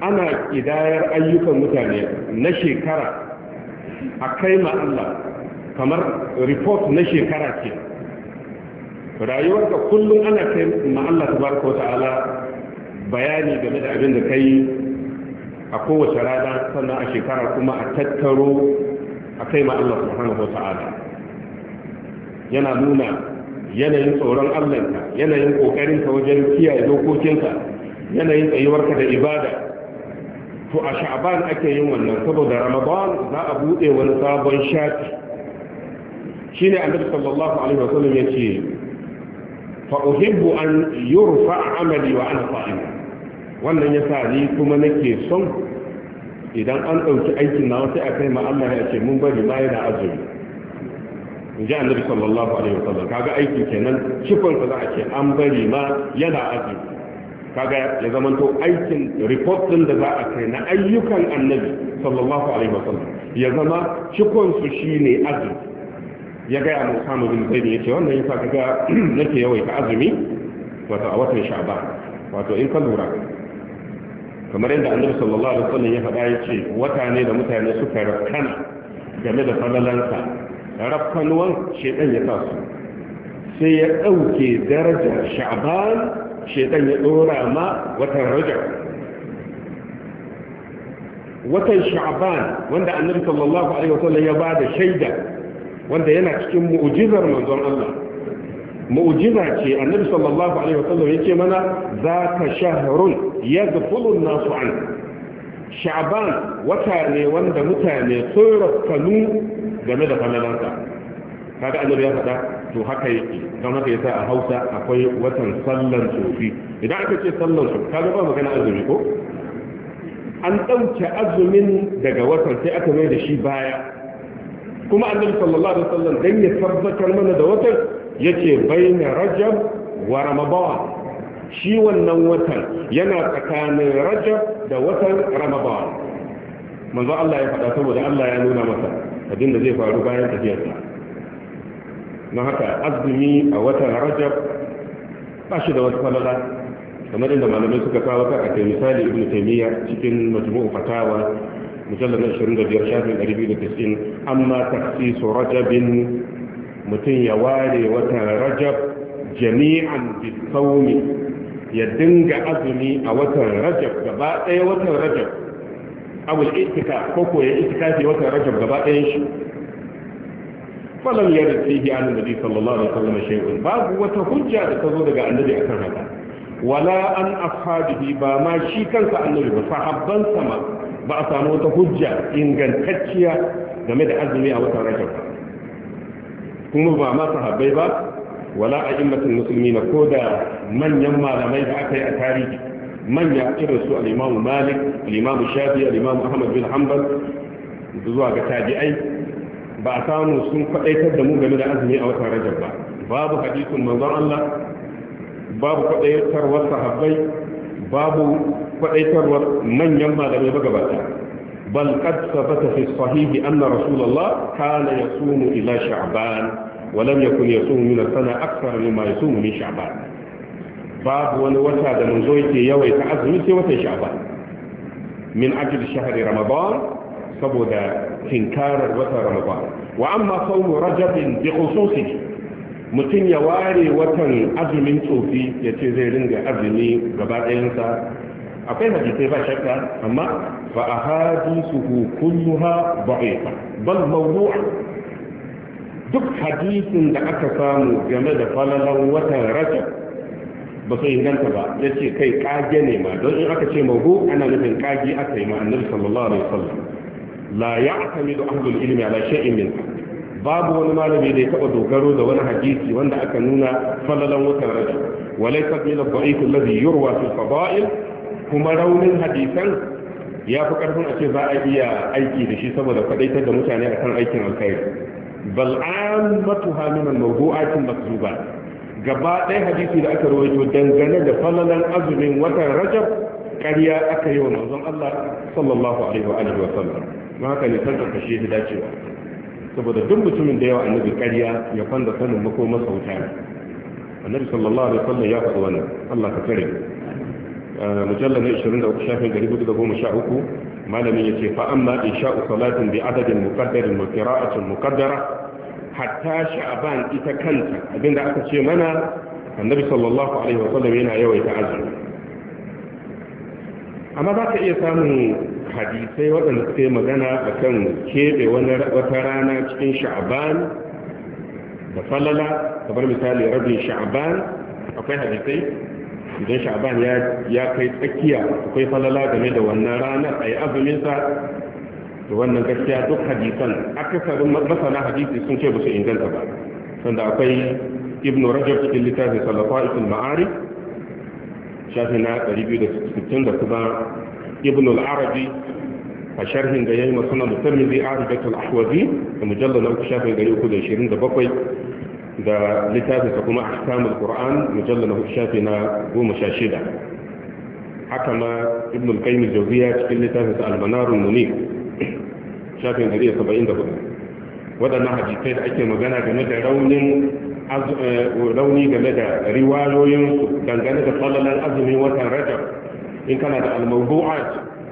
ana kidayar ayyukan mutane na shekara a kai ma Allah kamar report na shekara ce rayuwarka kullum ana kai ma Allah tabaraka wata'ala bayani game da abin da kai a kowace rana sannan a shekara kuma a tattaro a kai ma Allah subhanahu wata'ala yana nuna yanayin tsoron Allahnka yanayin ka wajen kiyaye dokokinka yanayin tsayuwarka da ibada to a sha'aban ake yin wannan saboda ramadan za a buɗe wani sabon shafi shi ne annabi sallallahu alaihi wasallam ya ce fa uhibbu an yurfa amali wa ana sa'im wannan ya sa ni kuma nake son idan an ɗauki aikin na sai a kai ma Allah ya ce mun bari ma yana azumi in ji annabi sallallahu alaihi wa wasallam kaga aikin kenan cikin ka za a ce an bari ma yana azumi kaga ya zamanto aikin report din da za a kai na ayyukan annabi sallallahu alaihi wasallam ya zama cikon su shine azumi ya ga mu samu bin zai yace wannan yasa kaga [CLEARS THROAT] nake ka azumi wato a watan sha'ban wato in ka lura kamar yadda annabi sallallahu alaihi wasallam ya faɗa yace wata ne da mutane suka rafkana game da falalansa rafkanuwan shedan ya sa sai ya ɗauke darajar sha'ban shedan ya dora ma watan rajab watan sha'ban wanda annabi sallallahu alaihi wasallam ya ba da shaida wanda yana cikin mu'jizar manzon Allah mu'jiza ce annabi sallallahu alaihi wasallam yake mana zaka shahrun yadkhulu an-nasu an sha'ban wata ne wanda mutane sun kanu game da falalansa kaga annabi ya faɗa to haka yake don ya sa a hausa akwai watan sallan sufi idan aka ce sallan tsofi kaga ba magana azumi ko an ɗauke azumin daga watan sai aka mai da shi baya kuma annabi sallallahu alaihi wasallam dan ya tabbatar mana da watan yace baina rajab wa ramadan shi wannan watan yana tsakanin rajab da watan ramadan manzo Allah ya faɗa saboda Allah ya nuna masa abin da zai faru bayan tafiyarsa don haka azumi a watan rajab ba shi da wata falala kamar inda malamai suka kawo ka a kai misali ibn taymiya cikin majmu'u fatawa mujallar na 25 shafin 290 amma taksisu rajabin mutum ya ware watan rajab jami'an bisaumi ya dinga azumi a watan rajab gaba ɗaya watan rajab abul itika ko ko ya itikafi watan rajab gaba ɗayan shi فلم يرد فيه عن النبي صلى الله عليه وسلم شيء باب وتحجة تزود عن النبي أكثر هذا ولا أن أصحابه بما شيكا كأنه فحبا سما بأسان وتحجة إن كان تحجيا جميل عزمي أو ترجم كم بما صحابي باب ولا أئمة المسلمين كودا من يما لما يبعث أتاريك من يعرس الإمام مالك الإمام الشافعي الإمام أحمد بن حنبل بزوغة تابعي ba a samu sun kwadaitar da mu game da azumi a watan rajab ba babu hadisin manzon Allah babu kwadaitarwar sahabbai babu kwadaitarwar manyan malamai ba magabata bal qad sabata fi sahihi anna rasulullah kana yasumu ila sha'ban wa lam yakun yasumu min sana akthar mimma yasumu min sha'ban babu wani wata da manzo yake yawaita azumi sai watan sha'ban min ajli shahri ramadan saboda tinkarar wata ramadan wa amma saumu rajabin bi khususi mutum ya ware watan azumin tsofi ya ce zai ringa azumi gaba ɗayansa akwai hadisai ba shakka amma fa ahadithuhu kulluha da'ifa bal mawdu'a duk hadisin da aka samu game da falalan watan rajab ba su inganta ba ya ce kai kage ne ma don in aka ce mabu ana nufin kage aka yi ma annabi sallallahu alaihi wasallam la da ahlul ilimi ala shay'in min babu wani malami da ya taba dogaro da wani hadisi wanda aka nuna falalan watan rajab walaysa min al-da'if alladhi yurwa fi fada'il kuma raunin hadisan ya fi karfin a ce za a iya aiki da shi saboda kwadaitar da mutane akan aikin alkhairi bal ammatuha min al-mawdu'atin makzuba gaba ɗaya hadisi da aka rawaito dangane da falalan azumin watan rajab ƙarya aka yi wa manzon Allah sallallahu alaihi wa alihi wa sallam don haka ne san kashe shi dacewa saboda duk mutumin da yawa annabi ƙarya ya kwanda sanin makoma sauta annabi sallallahu alaihi wasallam ya faɗa wannan Allah ka kare mujalla na 23 shafin 413 malamin ya ce fa amma in sha'u salatin bi adadin muqaddarin wa qira'atin muqaddara hatta sha'ban ita kanta abinda aka ce mana annabi sallallahu alaihi wasallam yana yawaita azumi amma za ka iya samun hadisai waɗanda suka yi magana a kan keɓe wata rana cikin sha'aban da falala kamar misali rabin sha'aban akwai hadisai idan sha'aban ya kai tsakiya akwai falala game da wannan rana a yi azuminsa da wannan gaskiya duk hadisan akasarin masana hadisi sun ce ba su inganta ba sanda akwai ibn rajab cikin littafin salafa isul ma'arif shafi na 260 da ابن العربي فشرح جيي مثلا الترمذي عربة الأحوذي المجلد لو شاف جيي كل عشرين ده بقي ده لتابع كما أحكام القرآن مجلد لو شافنا هو مشاشدة حكم ابن القيم الجوزية في لتابع المنار المنير شاف جيي سبعين ده وده نهج كيد أي مجانا جمد رونين أز... أه... روني جمد روايوين كان جمد طلل الأزمي وكان رجب in kana da al na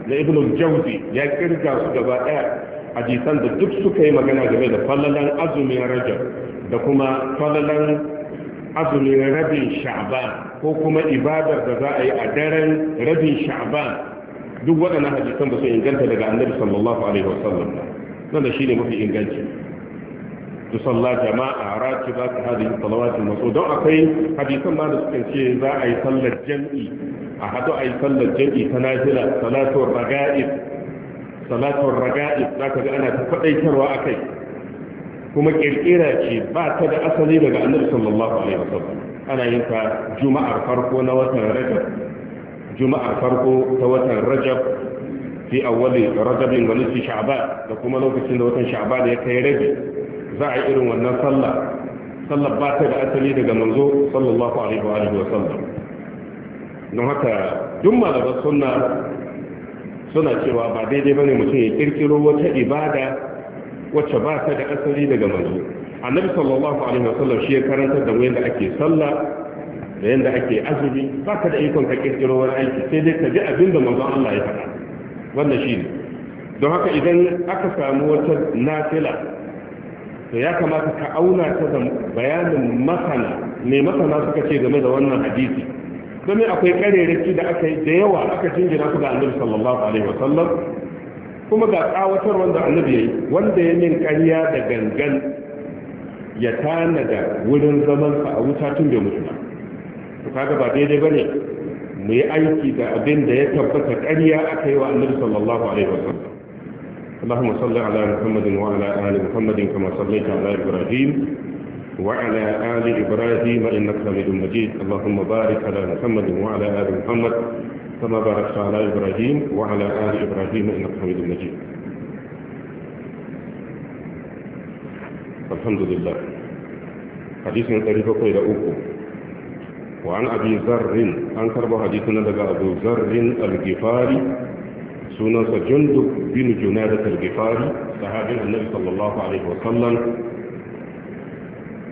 da ibn al-jawzi ya kirga su gaba daya hadisan da duk suka yi magana game da falalan azumin rajab da kuma falalan azumin rabin sha'ban ko kuma ibadar da za a yi a daren rabin sha'ban duk waɗannan hadisan ba su inganta daga annabi sallallahu alaihi wasallam nan da shine mafi inganci tusalla jama'a raki ba ta hadin salawatin masu don akwai hadisan ma da suka ce za a yi sallar jam'i a hadu a yi sallar jam'i ta nafila salatuwar raga'ib salatuwar raga'ib za ka ga ana ta faɗaitarwa a kai kuma ƙirƙira ce ba ta da asali daga annabi sallallahu alaihi wasallam ana yin ta juma'ar farko na watan rajab juma'ar farko ta watan rajab rajabin da kuma lokacin da watan sha'ban ya kai rabi za a yi irin wannan sallah sallah ba ta da asali daga manzo sallallahu alaihi wa alihi wa sallam don haka duk malaman sunna suna cewa ba daidai bane mutum ya kirkiro wata ibada wacce ba ta da asali daga manzo annabi sallallahu alaihi wa sallam shi ya karanta da mu yadda ake sallah da yadda ake azumi ba ka da ikon ka kirkiro wani aiki sai dai ka ji abin da manzon Allah ya faɗa wannan shi ne don haka idan aka samu wata nafila to ya kamata ka auna ta da bayanin masana mai masana suka ce game da wannan hadisi domin akwai kareraki da aka yi da yawa aka jingina su ga annabi sallallahu alaihi wa sallam kuma ga tsawatar wanda annabi yayi wanda ya min kariya da gangan ya tanada wurin zaman sa a wuta tun da mutuna ba to kaga ba daidai bane mu yi aiki da abin da ya tabbata kariya aka yi wa annabi sallallahu alaihi wa sallam. اللهم صل على محمد وعلى آل محمد كما صليت على إبراهيم وعلى آل إبراهيم إنك حميد مجيد اللهم بارك على محمد وعلى آل محمد كما باركت على إبراهيم وعلى آل إبراهيم إنك حميد مجيد الحمد لله حديث من طريق قيل أوكو وعن أبي ذر أنكر حديثنا لدى أبو ذر الغفاري sunansa jundub بن جنادة al-gifari النبي صلى الله عليه وسلم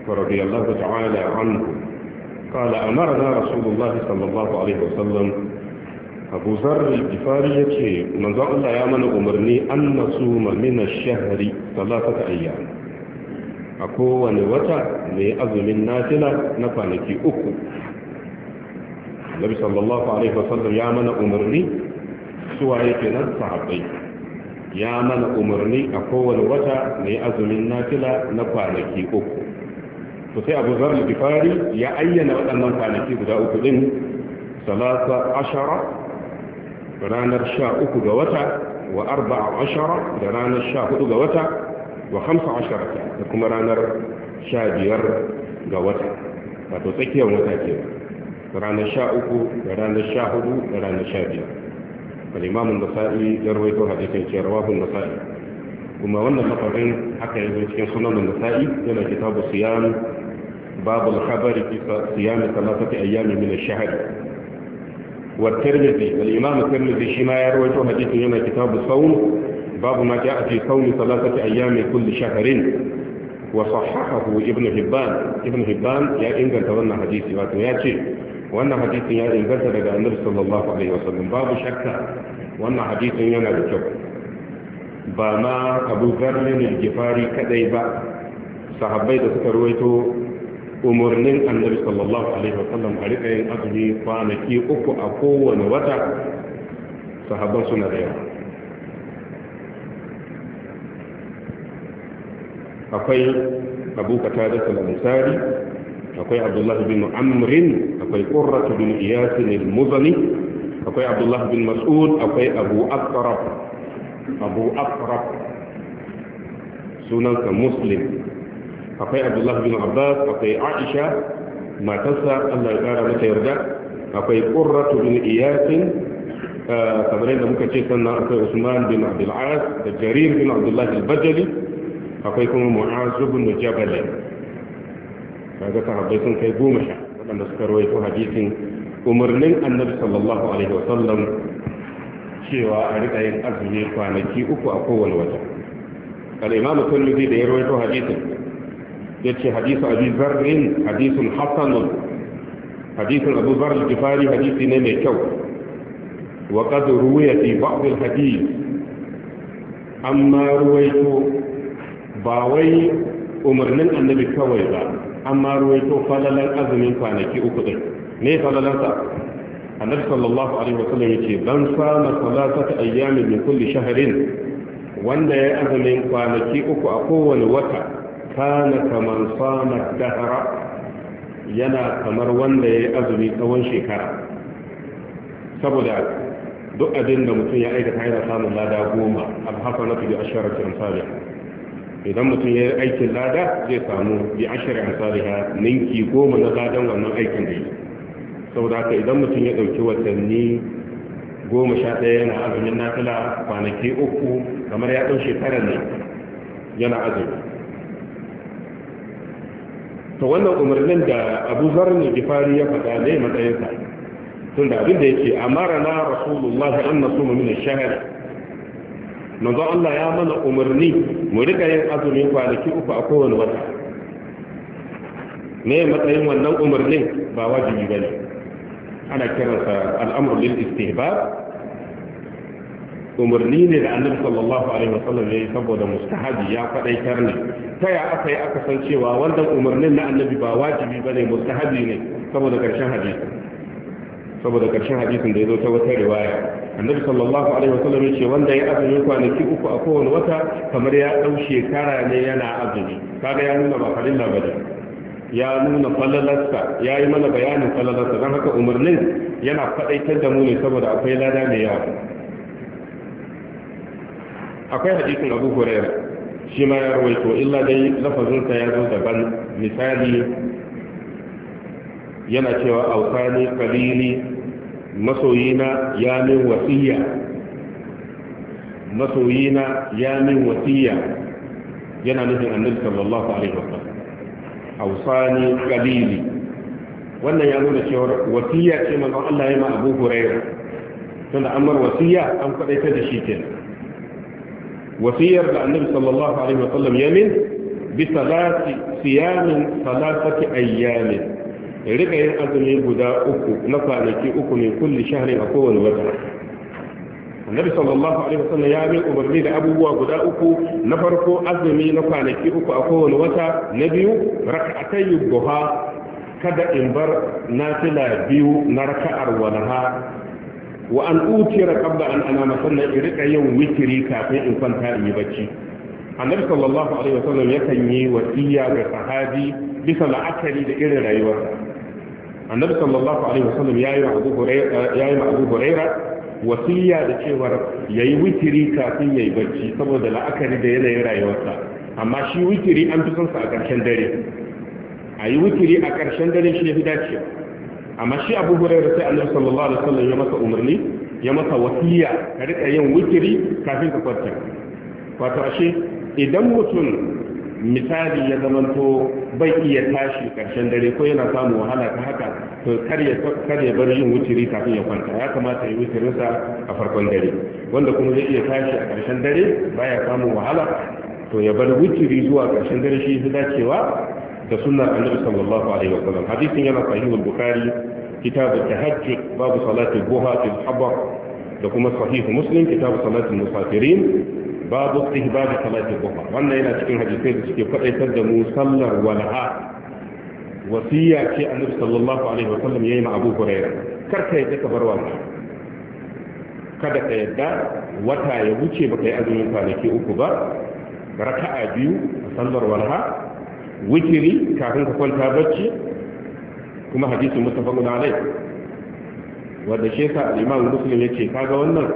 رضي الله تعالى عنه قال أمرنا رسول الله صلى الله عليه وسلم أبو ذر الجفاري يتي من ذا الله يامن أمرني أن نصوم من الشهر ثلاثة أيام أكون وتا من الناتلة نفانكي أكو النبي صلى الله عليه وسلم يامن أمرني Suwa suwaye nan sahabbai ya mana umarni a kowane wata na yi azumin nafila na kwanaki uku to sai abu zar bifari ya ayyana waɗannan kwanaki guda uku ɗin salasa ashara ranar sha uku ga wata wa arba'a ashara da ranar sha hudu ga wata wa hamsa ashara da kuma ranar sha biyar ga wata wato tsakiyar wata ke ranar sha uku da ranar sha hudu da ranar sha biyar الإمام النسائي يروي له هذه في رواه النسائي وما ولا فقرين حكى يزوجين سنن النسائي إلى كتاب الصيام باب الخبر في صيام ثلاثة أيام من الشهر والترمذي الإمام الترمذي شما يروي له هذه هنا كتاب الصوم باب ما جاء في صوم ثلاثة أيام كل شهر وصححه ابن هبان ابن هبان يا إنجل تظن حديثي واتو wannan hadisin ya inganta daga annabi sallallahu alaihi wasallam babu shakka wannan hadisin yana da kyau ba ma abu zarrin gifari kadai ba sahabbai da suka ruwaito umarnin annabi sallallahu alaihi wasallam a rika yin azumi kwanaki uku a kowane wata sahabban suna da yawa akwai abu kata da salamisari أكوي عبد الله بن عمر أكوي قرة بن إياس المزني أكوي عبد الله بن مسعود أكوي أبو أقرب أبو أقرب سنن مسلم أكوي عبد الله بن عباس أكوي عائشة ما تسا الله الغار متيرجع أكوي قرة بن إياس كبرين آه، لم كتشيسن أكوي عثمان بن عبد العاص جرير بن عبد الله البجلي أكوي كم معاذ بن جبل kaga sahabbai sun kai goma sha waɗanda suka rawaito hadisin umarnin annabi sallallahu alaihi wa sallam cewa a riƙa yin azumi kwanaki uku a kowane wata al-imam tirmidhi da ya rawaito hadisin ce hadisu abi zarrin hadisun Hassanun. hadisun abu zarr al hadisi ne mai kyau wa qad ruwiya fi ba'd al-hadith amma ruwaito ba wai umarnin annabi kawai ba amma ruwaito falalan azumin kwanaki uku din ne falalansa annabi sallallahu alaihi wasallam yace ban sama salatata ayyami min kulli shahrin wanda ya azumin kwanaki uku a kowane wata kana kaman fama dahara yana kamar wanda ya azumi tsawon shekara saboda duk abin da mutum ya aikata yana samun lada goma alhasanatu bi asharati amsalih idan mutum ya yi aikin lada zai samu bi ashirin asaliha ninki goma na ladan wannan aikin da yi saboda haka idan mutum ya ɗauki watanni goma sha ɗaya yana azumin nafila kwanaki uku kamar ya ɗau shekarar ne yana azumi Ta wannan umarnin da abu zarni gifari ya faɗa ne matsayinsa tun da abin da yake amara na rasulullah an nasu min shahar manzon Allah ya mana umarni mu rika yin azumin kwanaki uku a kowane wata ne matsayin wannan umarnin ba wajibi bane ana kiransa al'amur lil istihbab umarni ne da annabi sallallahu alaihi wasallam yayi saboda mustahabi ya kwadaitar ne ta ya aka yi aka san cewa wannan umarnin na annabi ba wajibi bane mustahabi ne saboda karshen hadisi saboda karshen hadisin da ya zo ta wata riwaya annabi sallallahu alaihi wasallam yace wanda ya azumi kwanaki uku a kowane wata kamar ya dau shekara ne yana azumi kaga ya nuna ba farilla bane ya nuna falalarsa ya yi mana bayanin falalarsa don haka umarnin yana faɗaitar da mu ne saboda akwai lada mai yawa akwai hadisin abu huraira shi ma ya rawaito illa dai lafazinsa ya zo daban misali yana cewa autani kalili masoyina ya min wasiya masoyina ya min wasiya yana nufin annabi sallallahu alaihi wasallam awsani qalili wannan ya nuna cewa wasiya ce manzo Allah ya ma Abu Hurairah tunda amar wasiya an kwadaita da shi kenan wasiyar da annabi sallallahu alaihi wasallam ya min bi salati siyamin salatati ayyamin ya rika yin azumi guda uku na kwanaki uku ne kulli shahri a kowane wata annabi sallallahu alaihi wasallam ya bin umarni da abubuwa guda uku na farko azumi na kwanaki uku a kowane wata na biyu rak'atayyu duha kada in bar nafila biyu na raka'ar walaha wa an utira qabla an anama sannan in rika yin witiri kafin in kwanta in yi bacci annabi sallallahu alaihi wasallam yakan yi wasiya ga sahabi bisa la'akari da irin rayuwarsa annabi sallallahu alaihi wasallam yayi ma abu huraira yayi ma abu huraira wasiya da cewar yayi witiri kafin yayi bacci saboda la'akari da yanayin rayuwarsa amma shi witiri an fi son sa a ƙarshen dare ayi witiri a ƙarshen dare shi yafi dacewa amma shi abu huraira sai annabi sallallahu alaihi wasallam ya masa umarni ya masa wasiya ka rika yin witiri kafin ka kwanta wato ashe idan mutum misali ya zamanto bai iya tashi karshen dare ko yana samun wahala ta haka to kar ya bar yin wuturi kafin ya kwanta ya kamata ya yi sa a farkon dare wanda kuma zai iya tashi a karshen dare baya samun wahala to ya bar wuturi zuwa karshen dare shi zai dacewa da sunnar annabi sallallahu alaihi wasallam hadisin yana sahih al-bukhari kitab at-tahajjud babu salati duha fil da kuma sahih muslim kitab salati al-musafirin babu istihbab salati dhuha wannan yana cikin hadisai da suke faɗaitar da mu sallar walha wasiya ce annabi sallallahu alaihi wasallam yayin ma Abu Hurairah kar ka yadda ka bar wannan kada ka yadda wata ya wuce baka yi azumin kwanaki uku ba raka'a biyu sallar walha Wikiri kafin ka kwanta bacci kuma hadisin mutafaqun alai wanda shi yasa al-Imam Muslim yace kaga wannan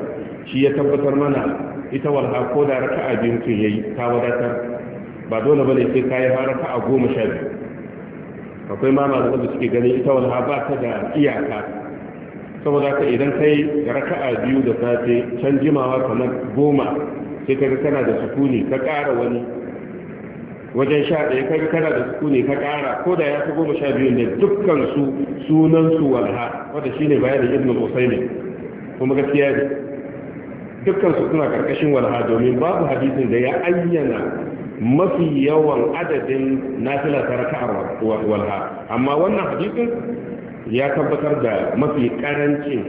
shi ya tabbatar mana ita walha ko da raka'a biyu mutum yayi ta wadatar ba dole bane sai kayi har a goma sha biyu akwai ma ma da suke ganin ita walha ba ta da iyaka saboda ka idan kai a biyu da safe can jimawa kamar goma sai ga kana da sukuni ka ƙara wani wajen sha ɗaya kaga kana da sukuni ka ƙara ko da ya fi goma sha biyu ne dukkan su sunan su walha wanda shine bayanin ibnu al kuma gaskiya ne dukkan suna karkashin walha domin babu hadisin da ya ayyana mafi yawan adadin nafila ta raka'ar walha amma wannan hadisin ya tabbatar da mafi karancin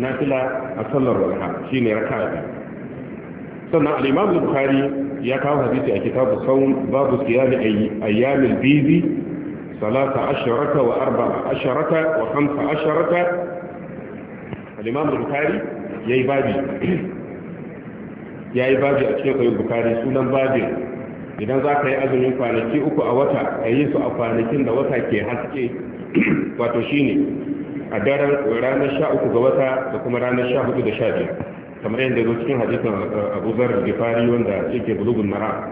nafila a sallar walha shine raka'a sannan al bukari ya kawo hadisi a kitabu saum babu siyami ayyamil bizi salata asharata wa arba'a asharata wa khamsa asharata al bukari ya yi babi ya yi babi a cikin kwayo bukari sunan babin idan za ka yi azumin kwanaki uku a wata ka yi su a kwanakin da wata ke haske [CLEARS THROAT] wato shi ne a daren ranar sha uku ga wata da kuma ranar sha hudu da sha biyar kamar yadda zo cikin hadisin abubuwar gifari wanda yake bulugun mara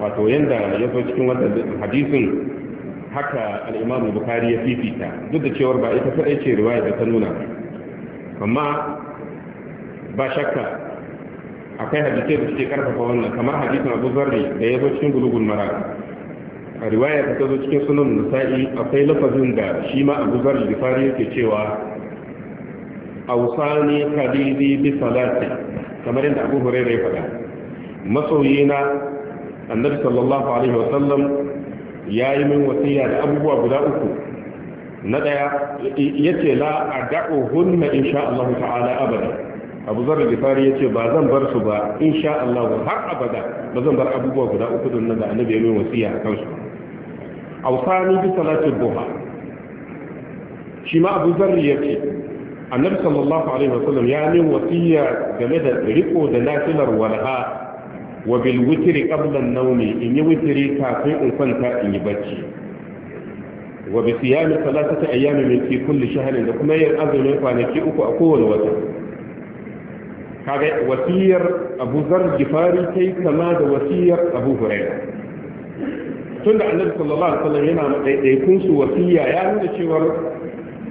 wato yadda ya zo cikin wata hadisin haka al'imamu bukari ya fifita duk da cewar ba ita kaɗai ce riwaya da ta nuna amma ba shakka akwai hadisai da suke karfafa wannan kamar hadisin abu zarri da ya zo cikin gulugun mara a riwaya ta zo cikin sunan nasa'i akwai lafazin da shi ma abu zarri da fari yake cewa ausani khalili bi salati kamar yadda abu hurairah ya faɗa masoyina annabi sallallahu alaihi wa sallam ya yi min wasiya da abubuwa guda uku na daya yace la hunna insha Allah ta'ala abada abu zarar gifari ya ce ba zan bar su ba in sha Allah har abada ba zan bar abubuwa guda uku don nan da annabi ya mai wasiya a kansu ausani bi salatin duha shi ma abu zarar ya ce annabi sallallahu alaihi wasallam ya min wasiya game da riko da nafilar walha wa bil witri qabla an-nawm in yi witri kafin in kwanta in yi bacci wa bi siyami salatati ayyamin fi kulli shahrin da kuma yin azumin kwanaki uku a kowane wata kaga wasiyar abu zar gifari kai kama da wasiyar abu huraira tun da annabi sallallahu alaihi wasallam yana ɗaiɗaikun su wasiya ya nuna cewar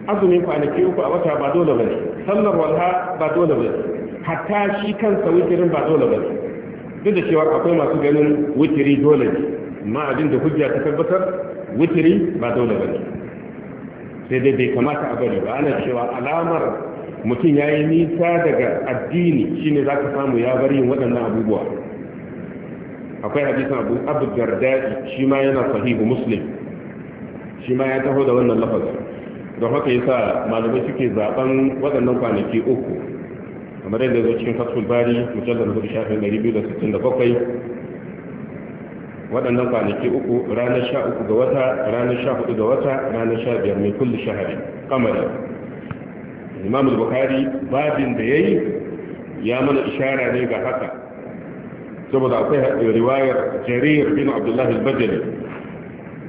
azumin kwanaki uku a wata ba dole bane sallar walha ba dole bane hatta shi kansa wutirin ba dole bane duk da cewa akwai masu ganin wutiri dole ne amma abin da hujja ta tabbatar wutiri ba dole bane sai dai bai kamata a bari ba ana cewa alamar mutum ya yi nisa daga addini shine za ka samu ya bari yin waɗannan abubuwa akwai hadisan abu abu dardadi shi ma yana sahihu muslim shi ma ya taho da wannan lafaz don haka yasa malamai suke zaben waɗannan kwanaki uku kamar yadda zo cikin fatul bari mujallar hudu shafin ɗari biyu da sittin da bakwai waɗannan kwanaki uku ranar sha uku ga wata ranar sha hudu ga wata ranar sha biyar mai kulli shahari kamar imam al-bukhari babin da yayi ya mana ishara ne ga haka saboda akwai riwayar jarir bin abdullah al-bajali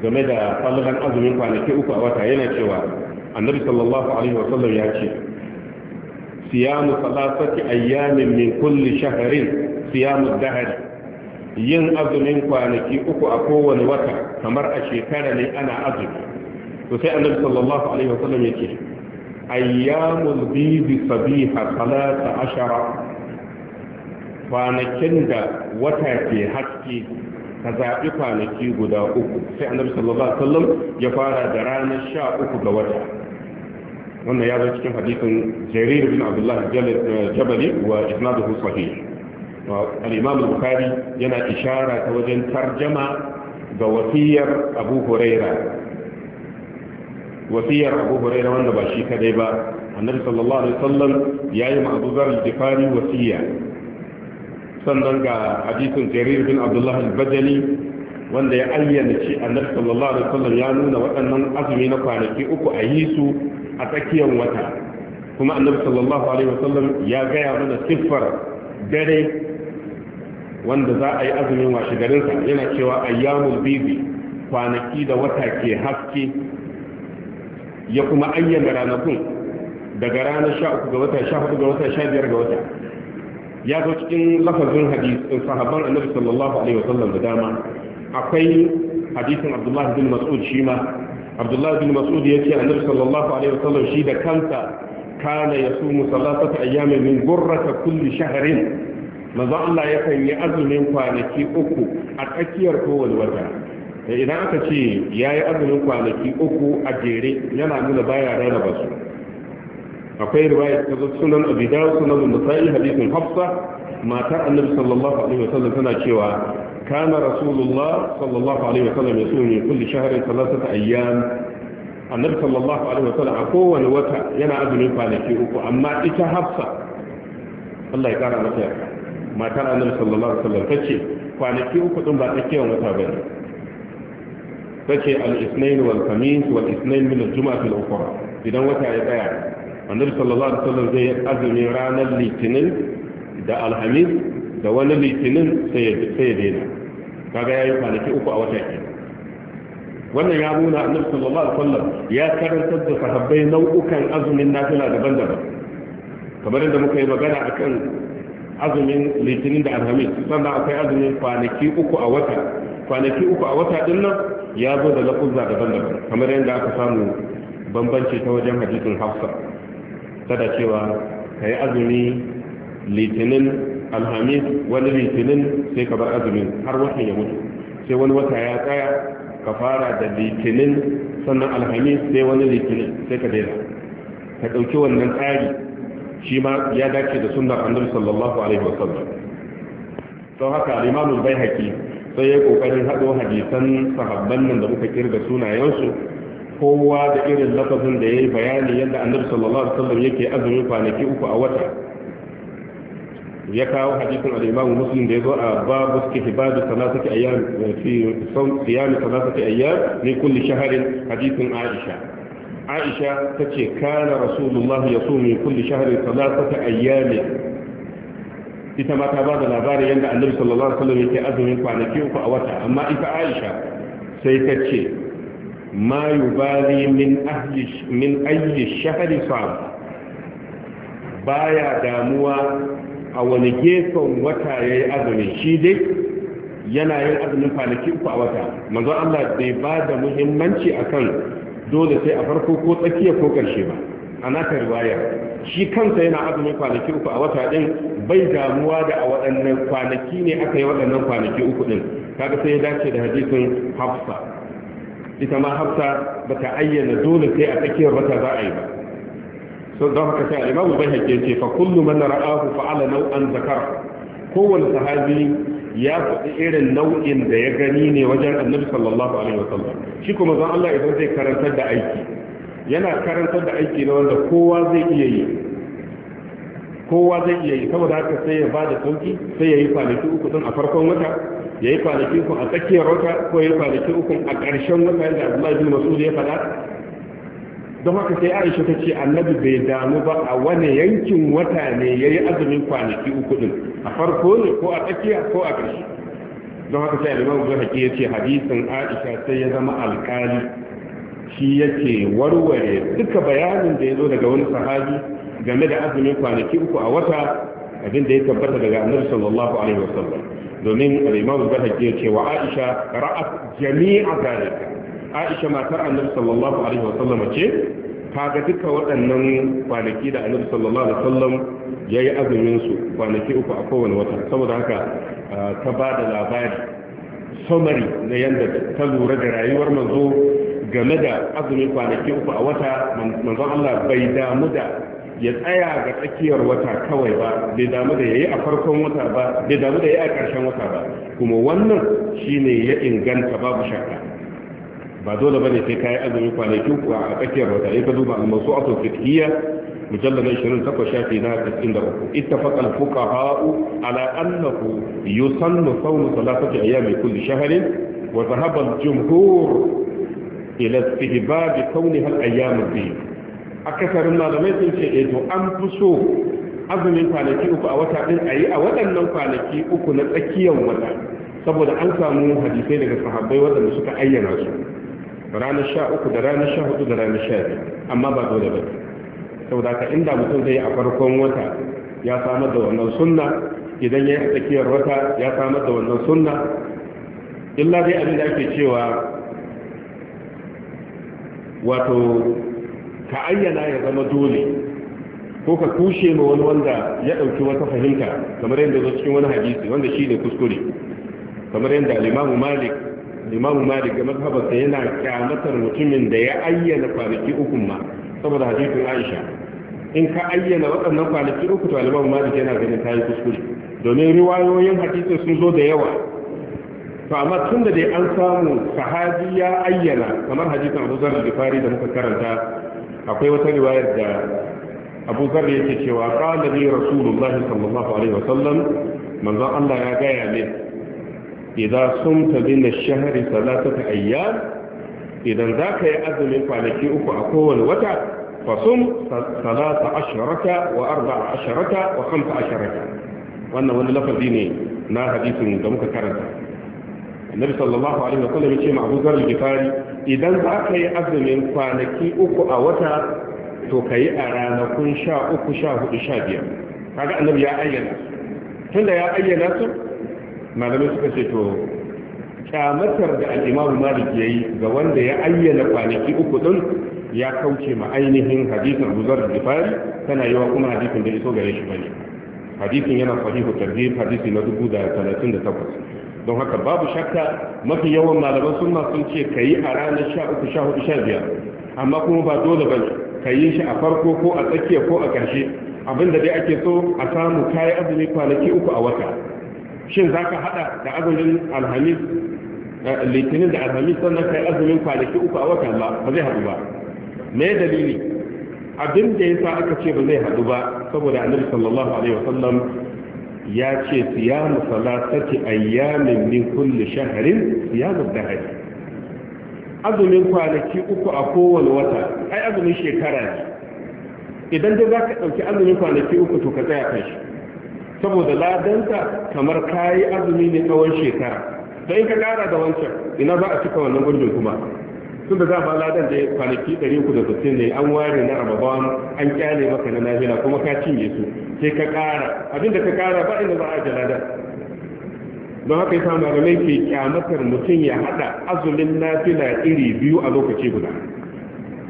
game da falalan azumin kwanaki uku a wata yana cewa annabi sallallahu alaihi wa sallam ya ce siyamu salasati ayyamin min kulli shahrin siyamu dahr yin azumin kwanaki uku a kowane wata kamar a shekara ne ana azumi to sai annabi sallallahu alaihi wa sallam ya ce ayyamul bibi sabiha salata ashara kwanakin da wata ke haske ka zaɓi kwanaki guda uku sai annabi sallallahu alaihi wasallam ya fara da ranar sha uku ga wata wannan ya zo cikin hadisin jarir bin abdullah jabali wa isnaduhu sahih al-imam al-bukhari yana ishara ta wajen tarjama ga wasiyar abu huraira wasiyar abu huraira wanda ba shi kadai ba annabi sallallahu alaihi wasallam yayi ma abu zar al-jifari wasiya sannan ga hadisin jarir bin abdullah al-bajali wanda ya ayyana ce annabi sallallahu alaihi wasallam ya nuna waɗannan azumi na kwanaki uku a yi su a tsakiyar wata kuma annabi sallallahu alaihi wasallam ya gaya mana siffar dare wanda za a yi azumin washe garinsa yana cewa ayyamul bibi kwanaki da wata ke haske ya kuma ayyana ranakun daga ranar sha uku ga wata sha hudu ga wata sha biyar ga wata ya zo cikin lafazin hadisin eh, sahabban annabi sallallahu alaihi wa sallam da dama akwai hadisin abdullahi bin mas'ud shi ma abdullahi bin mas'ud ya ce annabi sallallahu alaihi wa sallam shi da kansa kana ya yasumu ta ayyamin min gurrata kulli shahrin manzo Allah yakan yi azumin kwanaki uku a tsakiyar kowane wata Eh, idan aka ce ya yi azumin kwanaki uku a jere yana nuna baya rarraba su akwai riwaya ta zo sunan abi sunan musa'i hadisin hafsa matar annabi sallallahu alaihi wa sallam tana cewa kana rasulullah sallallahu alaihi wa sallam ya sunu kulli shahrin thalathata ayyam annabi sallallahu alaihi wa sallam a kowane wata yana azumin kwanaki uku amma ita hafsa Allah ya kara mata matar annabi sallallahu alaihi wa wasallam tace kwanaki uku din ba tsakiyar wata bane take al-isnain wal khamis wal isnain min al-jum'ah al-ukhra idan wata ya tsaya annabi sallallahu alaihi wasallam zai azumi ranar litinin da alhamis da wani litinin sai ya daina kaga yayi kwanaki uku a wata ke wannan ya nuna annabi sallallahu alaihi wasallam ya karanta da sahabbai nau'ukan azumin nafila daban-daban kamar yadda muka yi magana akan azumin litinin da alhamis sannan akwai azumin kwanaki uku a wata kwanaki uku a wata din nan ya zo da lafuzza daban-daban kamar yadda aka samu bambanci ta wajen hadisin hafsa tada cewa ka yi azumi litinin alhamis wani litinin sai ka bar azumin har watan ya mutu sai wani wata ya tsaya ka fara da litinin sannan alhamis sai wani litinin sai ka daina ka ɗauki wannan tsari shi ma ya dace da sunnar annabi sallallahu alaihi wasallam to haka al-imam al-baihaqi sai ya kokarin hado hadisan sahabban nan da muka kirga sunayensu kowa da irin lafazin da yayi bayani yadda annabi sallallahu alaihi wasallam yake azumi kwanaki uku a wata ya kawo hadisin al-imam muslim da ya zo a babu istihbab salatati ayyam fi siyam salatati ayyam min kulli shahrin hadisin aisha aisha ta ce kana rasulullahi ya so mai kulli shaharin talatata ayyami ita ma ta ba da labarin yadda annabi sallallahu alaihi wasallam yake azumin kwanaki uku a wata amma ita aisha sai ta ce ma yubali min ahli min ayyi shahri sa'am baya damuwa a wani gefen wata yayi azumi shi dai yana yin azumin kwanaki uku a wata manzon Allah bai ba da muhimmanci akan dole sai a farko ko tsakiya ko ƙarshe ba a naka riwaya shi kansa yana azumin kwanaki uku a wata din bai damuwa da a waɗannan kwanaki ne aka yi waɗannan kwanaki uku ɗin kaga sai ya dace da hadisin hafsa ita ma hafsa ba ta ayyana dole sai a tsakiyar wata za a yi ba so don haka sai al bai hakkin ce fa kullu man ra'ahu fa nau'an zakar kowane sahabi ya faɗi irin nau'in da ya gani ne wajen annabi sallallahu alaihi sallam shi kuma zan Allah idan zai karantar da aiki yana karantar da aiki na wanda kowa zai iya yi kowa zai iya yi saboda haka sai ya bada sauki sai ya yi kwanaki uku din a farkon wata ya yi kwanaki uku a tsakiyar wata ko ya yi kwanaki uku a ƙarshen wata yadda Abdullahi bin Mas'ud ya faɗa don haka sai aisha ta ce annabi bai damu ba a wani yankin wata ne ya yi azumin kwanaki uku din a farko ne ko a tsakiya ko a ƙarshe don haka sai alimar zuwa haƙi ya ce hadisin aisha sai ya zama alƙali shi yake warware duka bayanin da ya zo daga wani sahabi game da azumin kwanaki uku a wata abin da ya tabbata daga annabi sallallahu alaihi wasallam domin alimar zuwa haƙi ya ce wa aisha ra'a jami'a zalika aisha matar annabi sallallahu alaihi wasallam ce ka kaga duka waɗannan kwanaki da annabi sallallahu alaihi wasallam yayi azumin su kwanaki uku a kowane wata saboda haka ta ba da labari summary na yadda ta lura da rayuwar manzo game da azumin kwanaki uku a wata manzon Allah bai damu da ya tsaya ga tsakiyar wata kawai ba bai damu da yayi a farkon wata ba bai damu da yayi a ƙarshen wata ba kuma wannan shine ya inganta babu shakka ba dole bane sai kai azumi kwanakin kuwa a tsakiyar wata in ka duba al-mawsu'atu fiqhiyya mujallal 28 shafi na 93 ittafaqa al-fuqaha ala annahu yusannu sawm thalathati ayami kulli shahrin wa dhahaba al-jumhur ila istihbab kawnaha al-ayyam bi akasarin malamai sun ce eh to an fi so azumin kwanaki uku a wata din ayi a waɗannan kwanaki uku na tsakiyar wata saboda an samu hadisai daga sahabbai waɗanda suka ayyana su ranar sha uku da ranar sha hudu da ranar sha biyu amma ba dole ba saboda ka inda mutum zai a farkon wata ya samar da wannan sunna idan ya yi a tsakiyar wata ya samar da wannan sunna illa dai abin da ake cewa wato ka ayyana ya zama dole ko ka kushe ma wani wanda ya ɗauki wata fahimta kamar yadda zo cikin wani hadisi wanda shi ne kuskure kamar yadda limamu malik imam malik ga mazhabarsa yana kyamatar mutumin da ya ayyana kwanaki uku ma saboda hadithin aisha in ka ayyana waɗannan kwanaki uku to imam malik yana ganin ta yi kuskure domin riwayoyin hadisin sun zo da yawa to amma tun da dai an samu sahabi ya ayyana kamar hadisin abu zar da muka karanta akwai wata riwayar da abu zar yake cewa qala li rasulullahi sallallahu alaihi sallam manzon Allah ya gaya ne idza sumta min shahri thalathata yi azumin kwanaki uku a kowane wata fasum wannan wani lafazi ne na hadisin da muka karanta annabi sallallahu alaihi wa sallam yace ma Abu Zar al-Ghifari idan zaka yi azumin kwanaki uku a wata to ka yi a ranakun sha uku sha hudu sha biyar annabi ya ayyana tunda ya ayyana su malamai suka ce to kyamatar da al'imamu malik ya yi ga wanda ya ayyana kwanaki uku din ya kauce ma ainihin hadisin abu da gifari tana yawa kuma hadisin da iso gare shi bane hadisin yana sahihu tarjih hadisi na dubu da talatin da takwas don haka babu shakka mafi yawan malaman sunna sun ce ka yi a ranar sha uku sha hudu sha biyar amma kuma ba dole ba ka yi shi a farko ko a tsakiya ko a ƙarshe abinda dai ake so a samu kayan azumi kwanaki uku a wata shin za ka haɗa da azumin alhamis eh, litinin da alhamis sannan kai azumin kwanaki uku a watan ba ba zai haɗu ba me dalili abin da ya sa aka ce ba zai haɗu ba saboda annabi sallallahu alaihi wasallam ya ce siyamu salatati ayyamin min kulli shahrin siyamu dahari azumin kwanaki uku a kowane wata ai azumin shekara ne idan dai za ka ɗauki azumin kwanaki uku to ka tsaya kan shi saboda Ladanta kamar kayi azumi ne tsawon shekara in ka kara da wancan ina za a cika wannan gurbin kuma tun da ba ladan da kwanaki 360 ne an ware na ramadan an kyale maka na nafila kuma ka cinye su sai ka kara abinda ka kara ba inda za a ji ladan don haka yasa malamai ke kyamatar mutum ya hada azumin nafila iri biyu a lokaci guda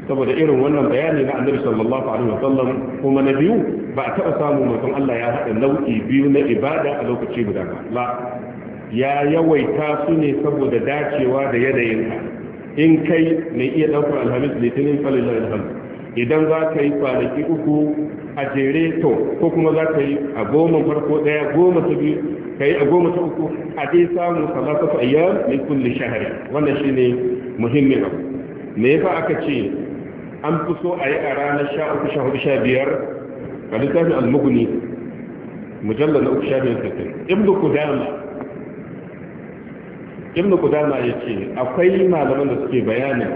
saboda irin wannan bayani na annabi sallallahu alaihi sallam, kuma na biyu ba a taɓa samu mutum Allah ya haɗa nau'i biyu na ibada a lokaci guda ba la ya yawaita su ne saboda dacewa da yanayin in kai mai iya ɗaukar alhamis litinin falilai alhamis idan za ka yi kwanaki uku a jere to ko kuma za ka yi a goma farko ɗaya goma ta biyu ka yi a goma ta uku a dai samu salatu ayyam min kulli wannan shine muhimmin abu me yasa aka ce an fi so a yi a ranar sha uku sha hudu sha biyar a littafin al-mughni mujalla na uku sha biyar sittin ibnu kudama ibnu kudama ya ce akwai malaman da suke bayanin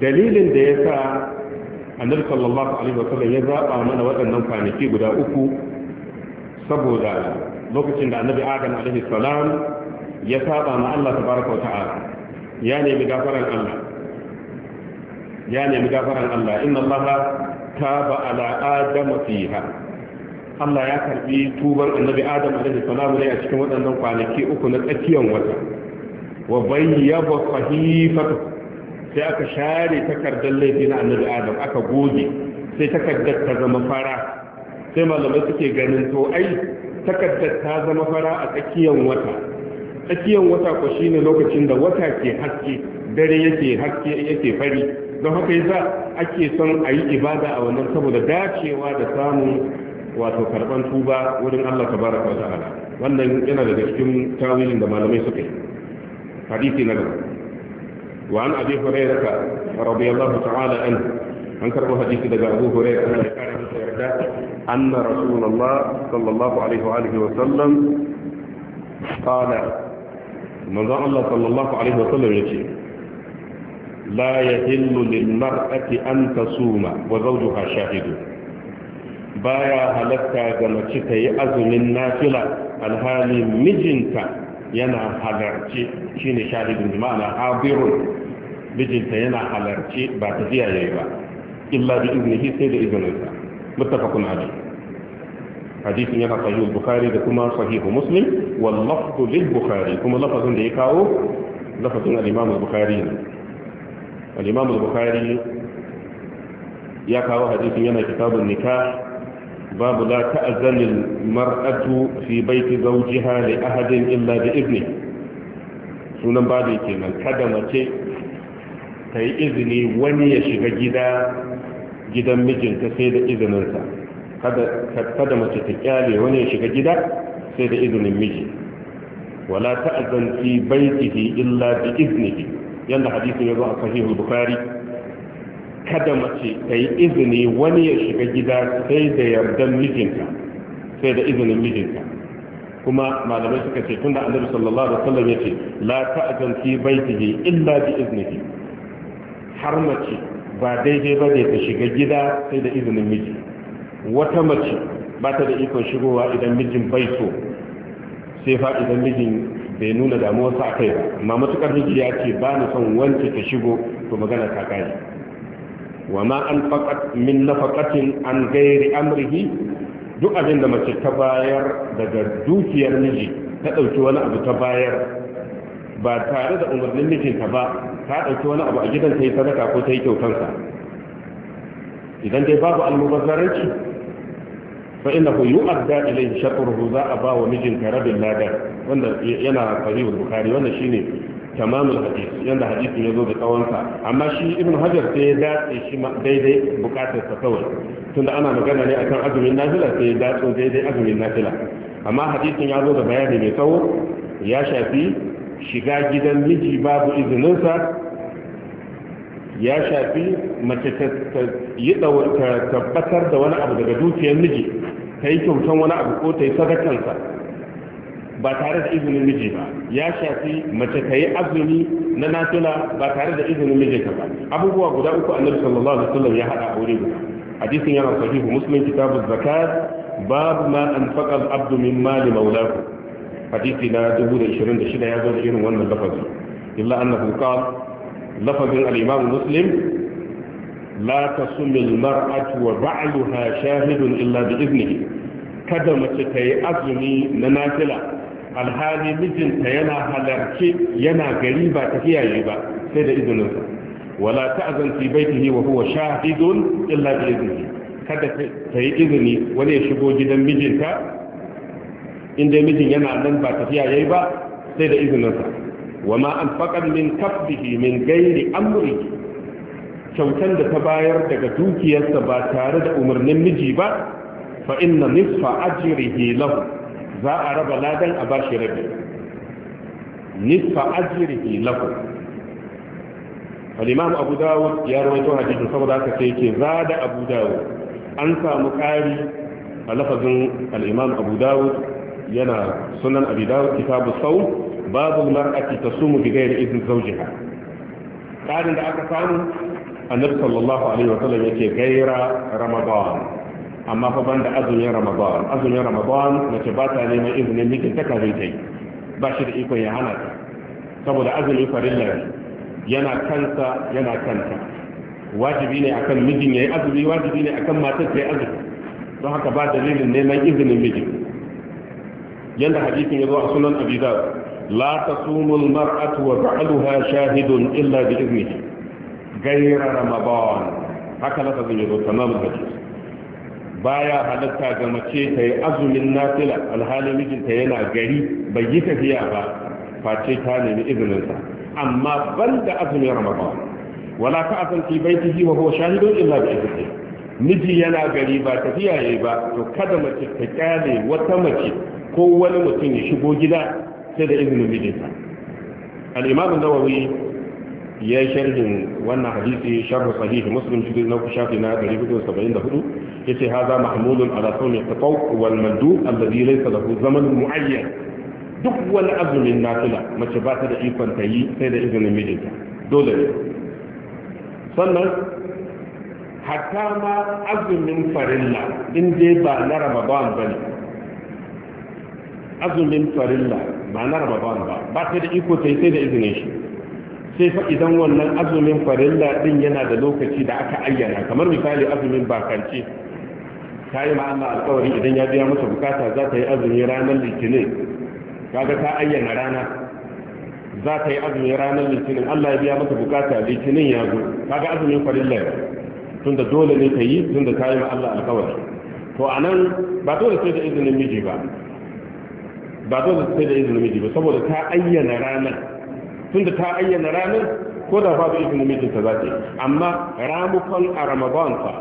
dalilin da ya sa annabi sallallahu alaihi wa sallam ya zaba mana waɗannan kwanaki guda uku saboda lokacin da annabi adam alaihi salam ya saba ma Allah tabaraka wa ta'ala ya nemi gafaran Allah ya nemi gafaran Allah inna Allah taba ala adama fiha Allah ya karbi tubar annabi Adam alaihi salamu ne a cikin waɗannan kwanaki uku na tsakiyar wata wa bayyaba fahifatu sai aka share takardar laifi na annabi Adam aka goge sai takardar ta zama fara sai malamai suke ganin to ai takardar ta zama fara a tsakiyar wata tsakiyar wata ko shine lokacin da wata ke haske dare yake haske yake fari don haka yasa ake son a yi ibada a wannan saboda dacewa da samun wato karban tuba wurin Allah tabaraka wa ta'ala wannan yana daga cikin tawilin da malamai suka yi hadisi na gaba wa an abi hurairah radiyallahu ta'ala anhu an karbo hadisi daga abu hurairah Allah ya kare masa yarda anna rasulullah sallallahu alaihi wa alihi wa sallam qala manzo Allah sallallahu alaihi wa sallam yace la yahillu lil mar'ati an tasuma wa zawjuha shahidu baya halatta ga mace ta yi azumin nafila alhali mijinta yana halarci shine shahidun bi ma'ana hadirun mijinta yana halarci ba tafiya yayi ba illa bi iznihi da izininsa muttafaqun alayh حديث ينا صحيح البخاري كما صحيح مسلم واللفظ للبخاري كما لفظ ده لفظ الإمام البخاري al-imam bukhari ya kawo hadisin yana kitabun Nika, babu la ta'zanil mar'atu fi baiti zauji hali ahadin illa bi izini. sunan babu nan, kada mace ta yi izini wani ya shiga gida gidan mijinta sai da izininsa kada mace ta kyale wani ya shiga gida sai da izinin miji wala ta'zan fi baitihi illa bi iznihi yanda hadisi ya zo a sahihul bukhari kada mace ta yi izini wani ya shiga gida sai da yardan mijinta sai da izinin mijinta kuma malamai suka ce tunda annabi sallallahu alaihi wasallam ya ce la ta'zan fi baitihi illa bi iznihi har mace ba daidai ba ne ta shiga gida sai da izinin miji wata mace ba ta da ikon shigowa idan mijin bai so sai fa idan mijin bai nuna damuwarsa a kai ba amma matukar miji ya ce ba ni son wance ta shigo to magana ta kai wa ma an faqat min nafaqatin an ghairi amrihi duk abin da mace ta bayar daga dukiyar miji ta dauki wani abu ta bayar ba tare da umarnin mijinta ba ta ɗauki wani abu a gidan ta yi sadaka ko ta yi kyautansa idan dai babu almubazzaranci fa innahu yu'adda ilayhi shatruhu za a ba wa mijinka rabin ladan wanda yana sahihul bukhari wannan shine tamamul hadisi yanda hadisin ya zo da tsawonsa amma shi ibn hajar sai ya datse shi daidai bukatar sa kawai tunda ana magana ne akan azumin nafila sai ya datso daidai azumin nafila amma hadisin ya zo da bayani mai tsawo ya shafi shiga gidan miji babu izininsa ya shafi mace ta yi tabbatar da wani abu daga dukiyar miji ta yi kyautar wani abu ko ta yi sadakansa ba tare da izinin miji ba ya shafi mace ta yi azumi na natula ba tare da izinin mijinta ba abubuwa guda uku annabi sallallahu alaihi wasallam ya hada aure guda hadisin yana sahihu muslim kitabu zakat babu ma anfaqa al-abdu min mali mawlahu hadisi na 2026 ya zo da irin wannan lafazi illa annahu qala lafazin alimam imam muslim la tasumil mar'atu wa shahidun illa da izini. kada mace ta yi azumi na nafila alhali mijinta yana halarci yana gari ba tafiya yi ba sai da izininsa wala ta'zan fi baitihi wa huwa shahidun illa da izini. kada ta yi izini wani ya shigo gidan mijinta inda mijin yana nan ba tafiya yayi ba sai da izininsa wa ma anfaqan min kafdihi min ghairi amri kyautan da ta bayar daga dukiyarsa ba tare da umarnin miji ba fa inna nisfa ajrihi lahu za a raba ladan a bashi rabi nisfa ajrihi lahu al-imam abu dawud ya rawaito hadisin saboda haka sai yake zada abu dawud an samu ƙari a lafazin al-imam abu dawud yana sunan abi dawud kitabu sawm babu mar'ati tasumu bi ghairi izin zawjiha karin da aka samu annabi sallallahu alaihi wa sallam yake gaira ramadan amma fa banda azumin ramadan azumin ramadan mace ba ta neman izinin mijin ta kafin ta ba shi da ikon ya hana ta saboda azumin farilla yana kansa yana kanta wajibi ne akan mijin yayi azumi wajibi ne akan matar ta yi azumi don haka ba dalilin neman izinin mijin yanda hadisin ya zo a sunan abi la tasumul mar'atu wa ba'luha shahidun illa bi idnihi ghayra ramadan haka lafazin yazo tamamul hadis baya halatta ga mace ta yi azumin nafila alhalin mijinta yana gari bai yi tafiya ba face ta nemi izininsa amma ban da azumin ramadan wala ka azan fi baitihi wa huwa illa bi idnihi miji yana gari ba tafiya ba to kada mace ta kyale wata mace ko wani mutum ya shigo gida sai da izinin mijinta al-imam nawawi ya yi sharhin wannan hadisi sharhu sahih muslim shi na shafi na 474 yace haza mahmulun ala ta taqaw wal mandub alladhi laysa lahu zaman muayyar duk wani azumin nafila mace ba ta da ikon ta yi sai da izinin mijinta dole ne sannan hatta ma azumin farilla in dai ba na ramadan ne azumin farilla ba na raba ba ba sai da iko sai sai da izinin shi sai fa idan wannan azumin farilla din yana da lokaci da aka ayyana kamar misali azumin bakance ta yi ma'amma alkawari idan ya biya masa bukata za ta yi azumi ranar litinin kaga ta ayyana rana za ta yi azumi ranar litinin allah ya biya masa bukata litinin ya zo kaga azumin farilla tunda dole ne ta yi da ta yi ma allah alkawari to a nan ba dole sai da izinin miji ba ba da sai da izinin miji ba saboda ta ayyana ranar tunda ta ayyana ranar ko da babu izinin mijin ta za ta yi amma ramukon a ramadan fa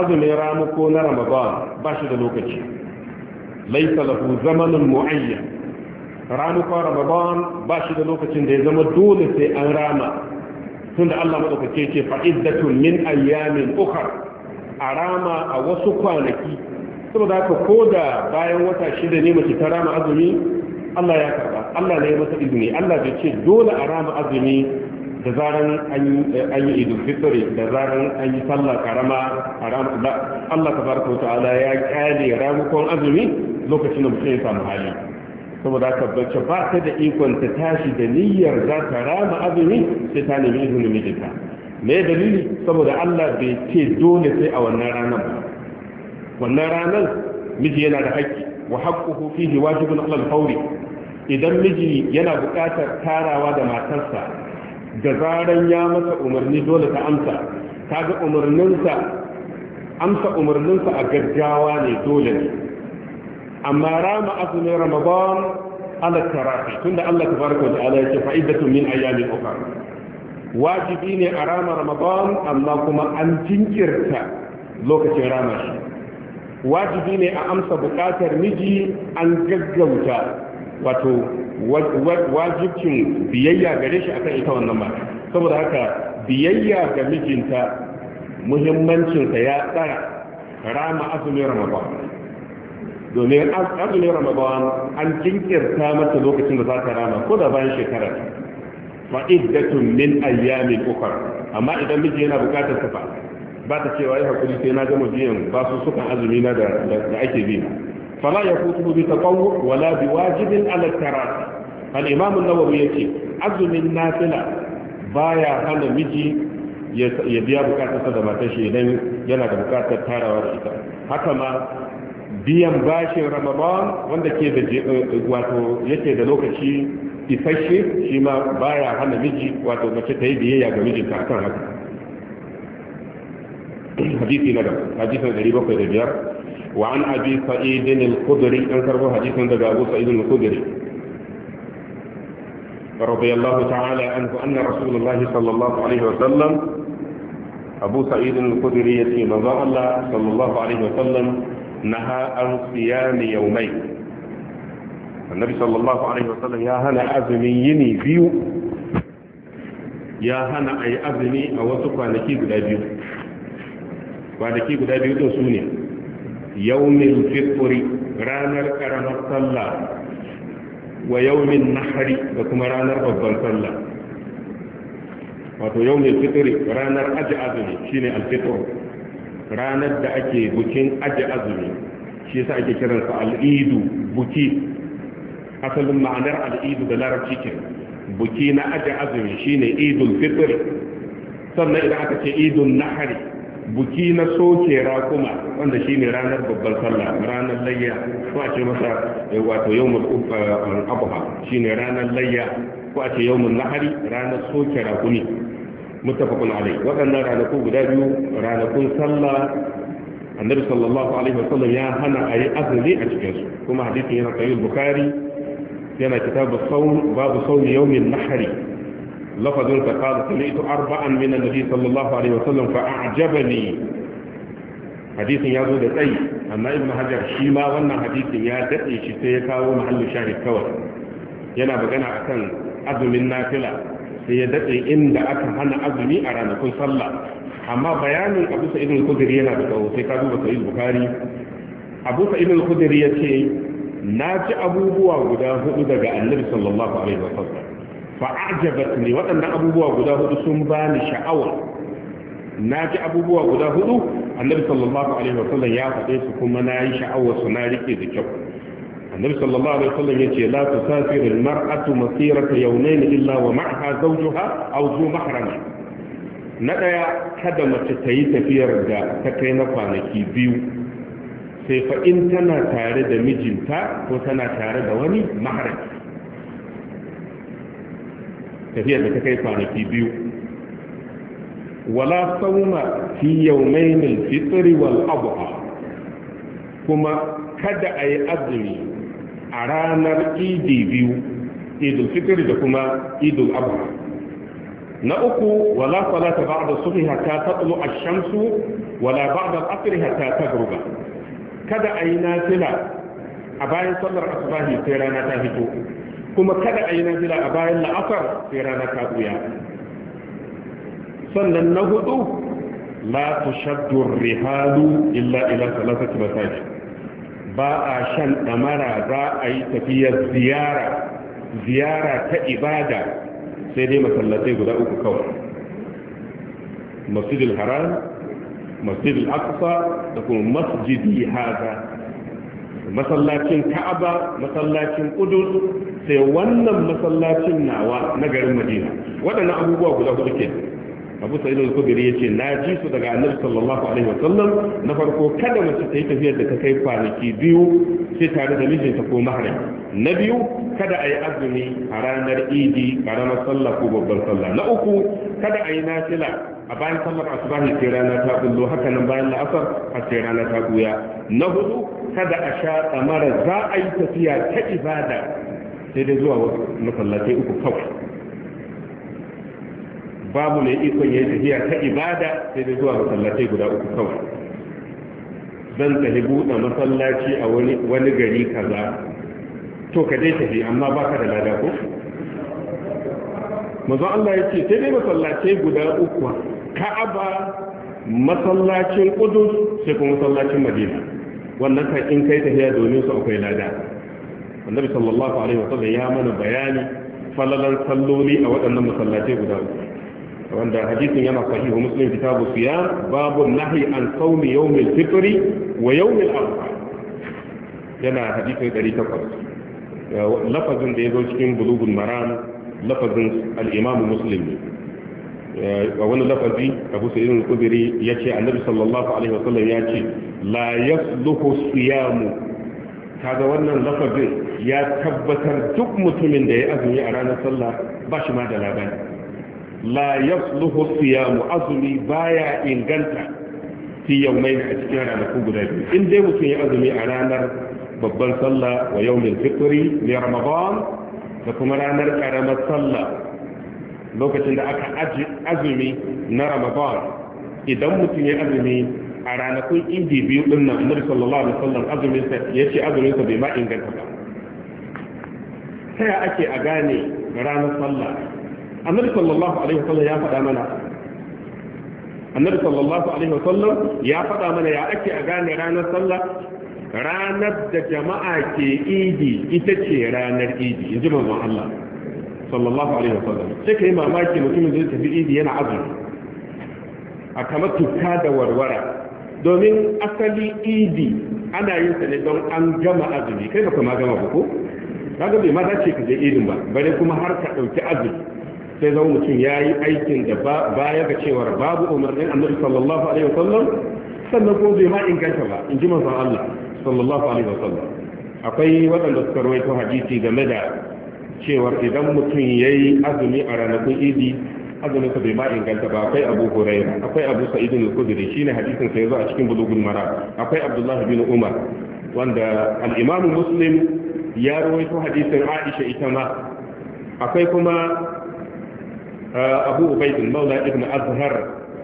azumin ramuko na ramadan ba shi da lokaci laisa lahu zamanin mu'ayyan ramukon ramadan ba shi da lokacin da ya zama dole sai an rama tunda Allah madaukake ce fa'iddatun min ayyamin ukhra a rama a wasu kwanaki saboda haka ko da bayan wata shida ne mace ta rama azumi Allah ya karba Allah ne ya masa izini Allah bai ce dole a rama azumi da zaran an yi idul fitri da zaran an yi sallah karama a rama da Allah tabaraka ta'ala ya kyale ramukon azumi lokacin da mutum ya samu hali saboda haka bace ba ta da ikon ta tashi da niyyar za ta rama azumi sai ta nemi izinin mijinta me dalili saboda Allah bai ce dole sai a wannan ranar ba wannan ranar miji yana da haƙƙi wa haƙƙuhu fihi wajibun alal fauri idan miji yana buƙatar tarawa da matarsa da zaran ya masa umarni dole ta amsa kaga umarninsa amsa umarninsa a gaggawa ne dole ne amma rama azumin ramadan ala tarafi tunda Allah tabaraka wa ta'ala yake fa'idatu min ayyamin ukhra wajibi ne a rama ramadan amma kuma an jinkirta lokacin rama shi wajibi ne a amsa bukatar miji an gaggauta wato wajibcin biyayya gare shi akan ita wannan ba saboda haka biyayya ga mijinta muhimmancinsa ya tsara rama azumin ramadan domin azumin ramadan an jinkirta mata lokacin da za ta rama ko da bayan shekara fa'iddatun min ayyamin ukhra amma idan miji yana bukatar safa ba ta cewa yi hakuri sai na gama biyan ba su sukan azumi na da ake bi fala ya kutu bi taqawwu wala bi wajibin ala karat al imam an-nawawi yace azumin nafila baya hana miji ya biya bukatarsa da matar shi idan yana da bukatar tarawa da ita haka ma biyan bashin ramadan wanda ke da wato yake da lokaci isasshe shi ma baya hana miji wato mace ta yi biyayya ga mijinta akan haka hadisi na gaba hadisin 705 wa an abi sa'id al-khudri an karbo hadisin daga abu sa'id al-khudri رضي الله تعالى عنه أن رسول الله صلى الله عليه وسلم أبو سعيد الخدري يتي مضى الله صلى الله عليه وسلم نهى عن صيام يومين النبي صلى الله عليه وسلم يا هنا أزميني بيو يا هنا أي أزمي أو سكوانكي بلا بيو kwanaki guda biyu to su ne yawmin fitri ranar karamar sallah wa yawmin nahari da kuma ranar babban sallah wato yawmin fitri ranar aji azumi shine alfitr ranar da ake bukin aji azumi shi yasa ake kiransa al'idu buki asalin ma'anar al'idu da larabci kenan buki na aji azumi shine idul fitr sannan idan aka ce idul nahari buki na soke rakuma wanda shi ne ranar babban sallah ranar layya ko a ce masa wato yau uh, abuha shi ne ranar layya ko a ce yau nahari ranar soke rakuni mutafakun alai waɗannan ranaku guda biyu ranakun sallah annabi sallallahu alaihi wasallam ya hana a yi azumi a cikinsu kuma hadisin yana sahih bukhari yana kitabu sawm babu sawm yawmin nahari lafazin sa qala sami'tu arba'an min annabi sallallahu alaihi wasallam fa a'jabani hadisin ya zo da tsai. amma ibnu hajar shi ma wannan hadisin ya dade shi sai ya kawo mahallin shahid kawai yana magana akan azumin nafila sai ya dade inda aka hana azumi a ranakun sallah amma bayanin abu sa'id al-khudri yana da tsawo sai ka duba sahih bukhari abu sa'id al-khudri yace na ci abubuwa guda hudu daga annabi sallallahu alaihi wasallam fa'ajabat ne waɗannan abubuwa guda hudu sun ba ni sha'awa na ji abubuwa guda hudu annabi sallallahu alaihi wasallam ya faɗe su kuma na yi sha'awar su na rike da kyau annabi sallallahu alaihi wasallam ya ce la tusafiru mar'atu masirata yawmayn illa wa ma'aha zawjuha aw zu mahrama na daya kada mace ta yi tafiyar da ta kai na kwanaki biyu sai fa in tana tare da mijinta ko tana tare da wani mahrami tafiyar da ta kai kwanaki biyu wala sauma fi yawmayn al-fitr wal adha kuma kada a yi azumi a ranar idi biyu idul fitr da kuma idul adha na uku wala salata ba'da subhi hatta tatlu ash-shamsu wala ba'da al-asr hatta taghruba kada a yi nafila a bayan sallar asbahi sai rana ta fito kuma kada a yi nafila a bayan la'asar sai rana ta buya sannan na hudu la tushaddu rihalu illa ila salasati masajid ba a shan damara za a yi tafiyar ziyara ziyara ta ibada sai dai masallatai guda uku kawai masjidil haram masjidil aqsa da kuma masjidi haza masallacin ka'aba masallacin qudus sai wannan masallacin nawa na garin madina waɗannan abubuwa guda hudu ke abu sa'id al-khudri yace na ji su daga annabi sallallahu alaihi wa sallam na farko kada mace ta yi tafiyar da ta kai kwanaki biyu sai tare da mijinta ko mahram na biyu kada a yi azumi a ranar idi karamar sallah ko babbar sallah na uku kada a yi nafila a bayan sallar asubahi sai rana ta kullo haka nan bayan la'asar har sai rana ta kuya na hudu kada a sha tsamara za a yi tafiya ta ibada sai dai zuwa masallatai uku kawai babu mai ikon yayin tafiya ta ibada sai dai zuwa masallatai guda uku kawai zan tafi buɗe masallaci a wani gari kaza to ka dai tafi amma ba ka da lada ko manzo Allah ya ce sai dai masallatai guda uku Ka'aba masallacin kudus sai kuma masallacin Madina wannan ka in kai tafiya domin su akwai lada annabi sallallahu alaihi wa sallam ya mana bayani falalan salloli a waɗannan masallatai guda wanda hadisin yana sahihu muslim kitabu siyam babu nahi an sawmi yawmil fitri wa yawmil adha yana hadisin 800 lafazin da ya zo cikin bulugun maram lafazin al-imam muslim a wani lafazi abu sayyidin kudiri ya ce annabi sallallahu alaihi wasallam ya ce la yasluhu siyamu kaga wannan lafazin ya tabbatar duk mutumin da ya azumi a ranar sallah ba shi ma da labari la yasluhu siyamu azumi baya inganta fi yawmain a cikin ku guda biyu in dai mutum ya azumi a ranar babban sallah wa yawmin fitri li ramadan da kuma ranar karamar sallah lokacin da aka azumi na ramadan idan mutum ya azumi a ranakun indi biyu din nan annabi sallallahu alaihi wasallam azumin sa yace azumin sa bai ma inganta ba sai ake a gane ranar sallah annabi sallallahu alaihi wasallam ya faɗa mana annabi sallallahu alaihi wasallam ya faɗa mana ya ake a gane ranar sallah ranar da jama'a ke idi ita ce ranar idi in ji manzon Allah sallallahu alaihi wasallam sai kai mamaki mutumin zai tafi idi yana azumi a kamar tukka da warwara domin asali idi ana yin sa ne don an gama azumi kai ba ma gama ba ko kaga bai ma dace ka je idin ba bare kuma har ka dauki azumi sai zama mutum ya yi aikin da baya ga cewar babu umarnin annabi sallallahu alaihi wasallam sannan ko bai ma inganta ba in ji manzon Allah sallallahu alaihi wasallam akwai waɗanda suka rawaito hadisi game da cewar idan mutum yayi azumi a ranakun idi azumin sa bai ma inganta ba akwai Abu Hurairah akwai Abu Sa'id al-Khudri shine hadisin sa yazo a cikin bulugul mara akwai Abdullahi bin Umar wanda al-Imam Muslim ya rawaito hadisin Aisha ita ma akwai kuma uh, Abu Ubayd al ibn Azhar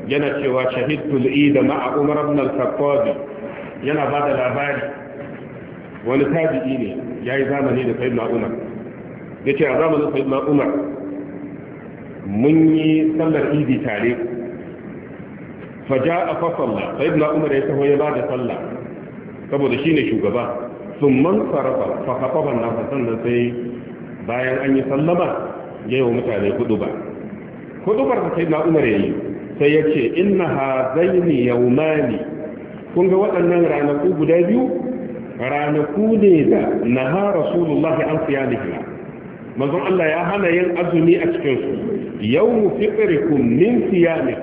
yana cewa shahidtul Eid ma'a Umar ibn al-Khattab yana ba da labari wani tabi'i ne yayi zamani da Sayyidina Umar yace a zamanin Sayyidina Umar mun yi sallar idi tare faja a fasalla sai ibn umar ya taho ya ba da sallah saboda shine shugaba sun man farafa fahafaban na sannan sai bayan an yi sallama ya yi wa mutane hudu ba hudu ba sai ibn umar ya yi sai ya ce inna ha zaini kun ga waɗannan ranaku guda biyu ranaku ne da na ha rasulullahi an siya nihila manzon Allah ya hana yin azumi a cikin su yawmu fitrikum min ne.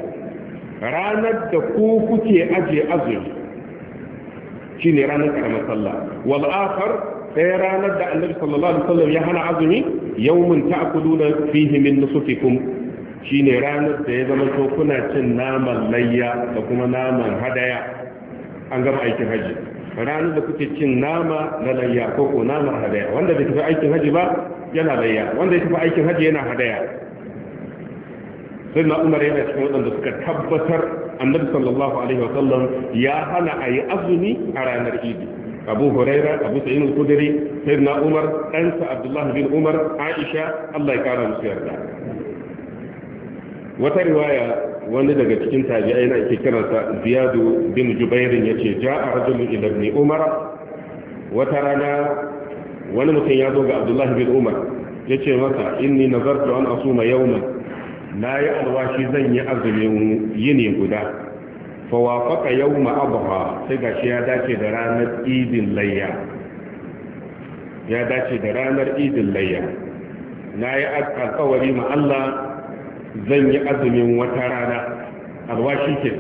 ranar da ku kuke aje azumi shine ranar karamar sallah wal akhar sai ranar da annabi sallallahu alaihi wasallam ya hana azumi yau mun yawmun ta'kuluna fihi min Shi ne ranar da ya zama to kuna cin naman layya da kuma naman hadaya an gama aikin haji ranar da kuke cin nama na layya ko ko naman hadaya wanda bai tafi aikin haji ba yana layya wanda ya tafi aikin hajji yana hadaya sai na umar yana cikin waɗanda suka tabbatar annabi sallallahu alaihi wa sallam ya hana a yi azumi a ranar idi abu huraira abu sa'in al-kudri sai na umar ɗansa abdullahi bin umar aisha allah ya kara musu yarda wata riwaya wani daga cikin tabi'ai na ke kiransa ziyadu bin jubairin yace ja'a rajulun ila ibn umar wata rana wani mutum ya zo ga abdullahi bin umar ya ce masa inni nazartu an asuma yawman na yi alwashi zan yi azumin yini guda fawafaka yawma abuha sai ga shi ya dace da ranar idin layya ya dace da ranar idin layya na yi alkawari ma Allah zan yi azumin wata rana alwashi ke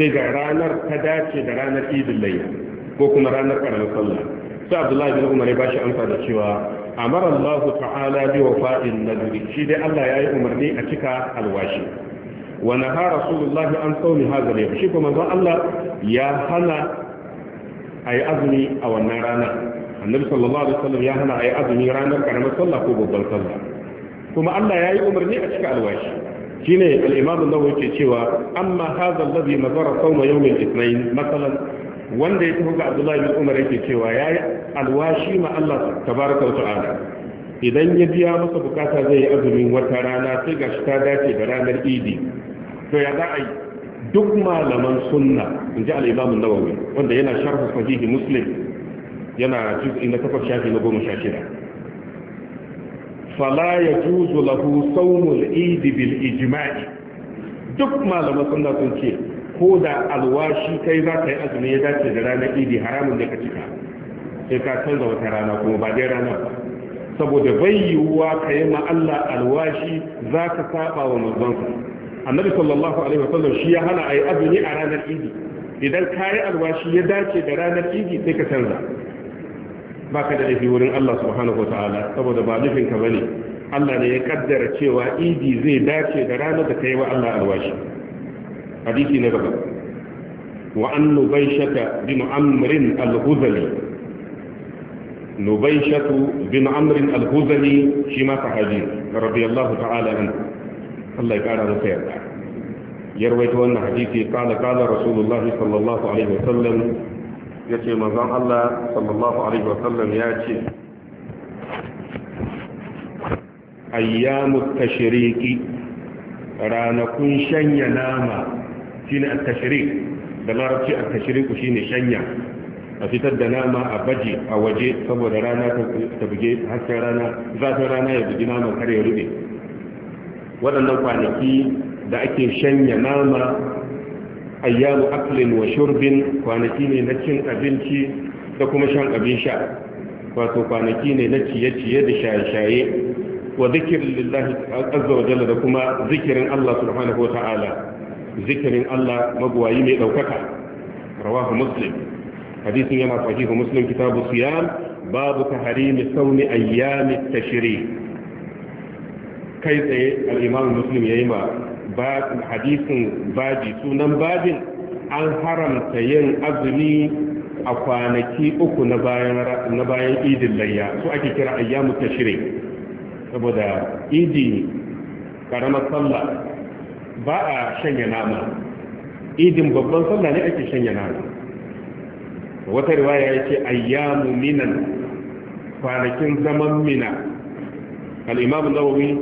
sai ga ranar ta dace da ranar idin layya ko kuma ranar karamar sallah sai abdullahi bin umar ya bashi amsa da cewa amara Allah ta'ala bi wafa'in nadri shi dai Allah ya yi umarni a cika alwashi wa naha rasulullahi an sawmi hadha al shi kuma manzo Allah ya hana a yi azumi a wannan rana annabi sallallahu alaihi wasallam ya hana a yi azumi ranar karamar sallah ko babbar sallah kuma Allah ya yi umarni a cika alwashi shine al-imam an-nawawi yake cewa amma hadha alladhi madara sawma yawm al-ithnain masalan wanda ya tafi ga Abdullahi bin Umar yake cewa yayi alwashi ma Allah tabaraka wa ta'ala idan ya biya masa bukata zai yi azumin wata rana sai gashi ta dace da ranar idi to ya za a yi duk malaman sunna in ji al'imamun nawawi wanda yana sharhu sahihi muslim yana juz'i na takwas shafi na goma sha shida fala ya juzu lahu saumul idi bil ijma'i duk malaman sunna sun ce ko da alwashi kai za ka yi azumi ya dace da ranar idi haramun da ka cika sai ka canza wata rana kuma ba dai rana ba saboda bai yiwuwa ka yi ma Allah alwashi za ka saba wa manzonsa annabi sallallahu alaihi wasallam shi ya hana a yi azumi a ranar idi idan ka yi alwashi ya dace da ranar idi sai ka canza ba ka da laifi wurin Allah subhanahu ta'ala saboda ba nufinka ba ne Allah ne ya kaddara cewa idi zai dace da ranar da ka yi wa Allah alwashi hadisi na gaba wa annu baishaka bin amrin al-huzali نبيشة بن عمرو الهزلي شيما فحاجي رضي الله تعالى عنه الله يبارك على خير يروي أن حديثي قال قال رسول الله صلى الله عليه وسلم يأتي مزان الله صلى الله عليه وسلم يأتي أيام التشريك رانا كن شنيا ناما شين التشريك دلارة التشريك شين شنيا a fitar da nama a baji a waje saboda rana ta buge hasken rana zafin rana ya bugi naman kar ya rube waɗannan kwanaki da ake shanya nama ayyamu aklin wa shurbin kwanaki ne na cin abinci da kuma shan abin sha wato kwanaki ne na ciye-ciye da shaye-shaye wa zikirin lillahi azza wa jalla da kuma zikirin Allah subhanahu wa ta'ala zikirin Allah magwayi mai ɗaukaka rawahu muslim hadisin yana sahihu muslim kitabu siyam babu tahrimi sauni ayyami tashri kai tsaye al-imam ya yayi ma ba hadisin baji sunan babin an haramta yin azumi a kwanaki uku na bayan na bayan idin layya su ake kira ayyamu tashri saboda idi karamar sallah ba a shanya nama idin babban sallah ne ake shanya nama wata riwaya ya ce ayyamu minan kwanakin zaman mina al'imamu nawawi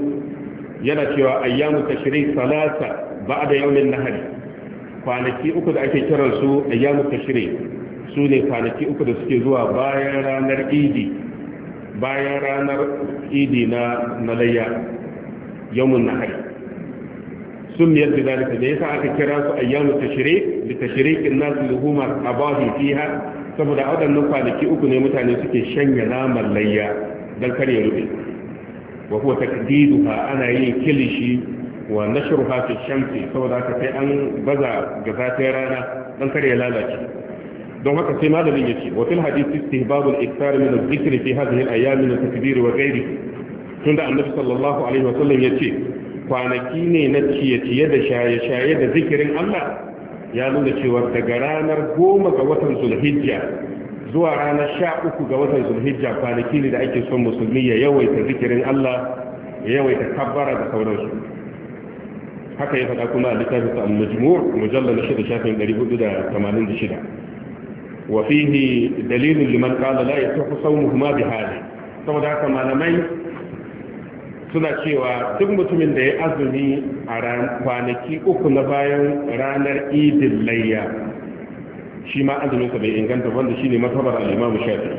yana cewa ayyamu tashirin salasa ba da yaunin nahari kwanaki uku da ake su ayyamu tashirin su ne kwanaki uku da suke zuwa bayan ranar idi bayan ranar idi na nalayya yawon nahari miyar da سميت بذلك yasa aka kira su ayyamu tashrik li tashrikin nas luhuma abahi fiha saboda wadannan kwanaki uku ne mutane suke shanya naman layya dan kar ya rube wa huwa takdiduha ana yin kilishi wa nashruha fi shamsi saboda aka sai an baza ga zafin rana dan kar ya lalace don haka sai malamin yace wa fil hadith istihbab al ikthar min al dhikr fi hadhihi al ayyam min al takbir wa ghayrihi tunda annabi sallallahu alaihi wa sallam yace kwanaki ne na ciye-ciye da shaye-shaye da zikirin Allah ya nuna cewa daga ranar goma ga watan zulhijja zuwa ranar sha uku ga watan zulhijja kwanaki ne da ake son musulmi ya yawaita zikirin Allah ya yawaita kabbara da sauransu haka ya faɗa kuma a littafin sa al-majmur mujallal na shida shafin shida. wa fihi dalilin liman qala la yasihu sawmuhuma bi hali saboda haka malamai suna cewa duk mutumin da ya azumi a kwanaki uku na bayan ranar idin layya shi ma azuminsa bai inganta wanda shi ne masabar al'imamu shafi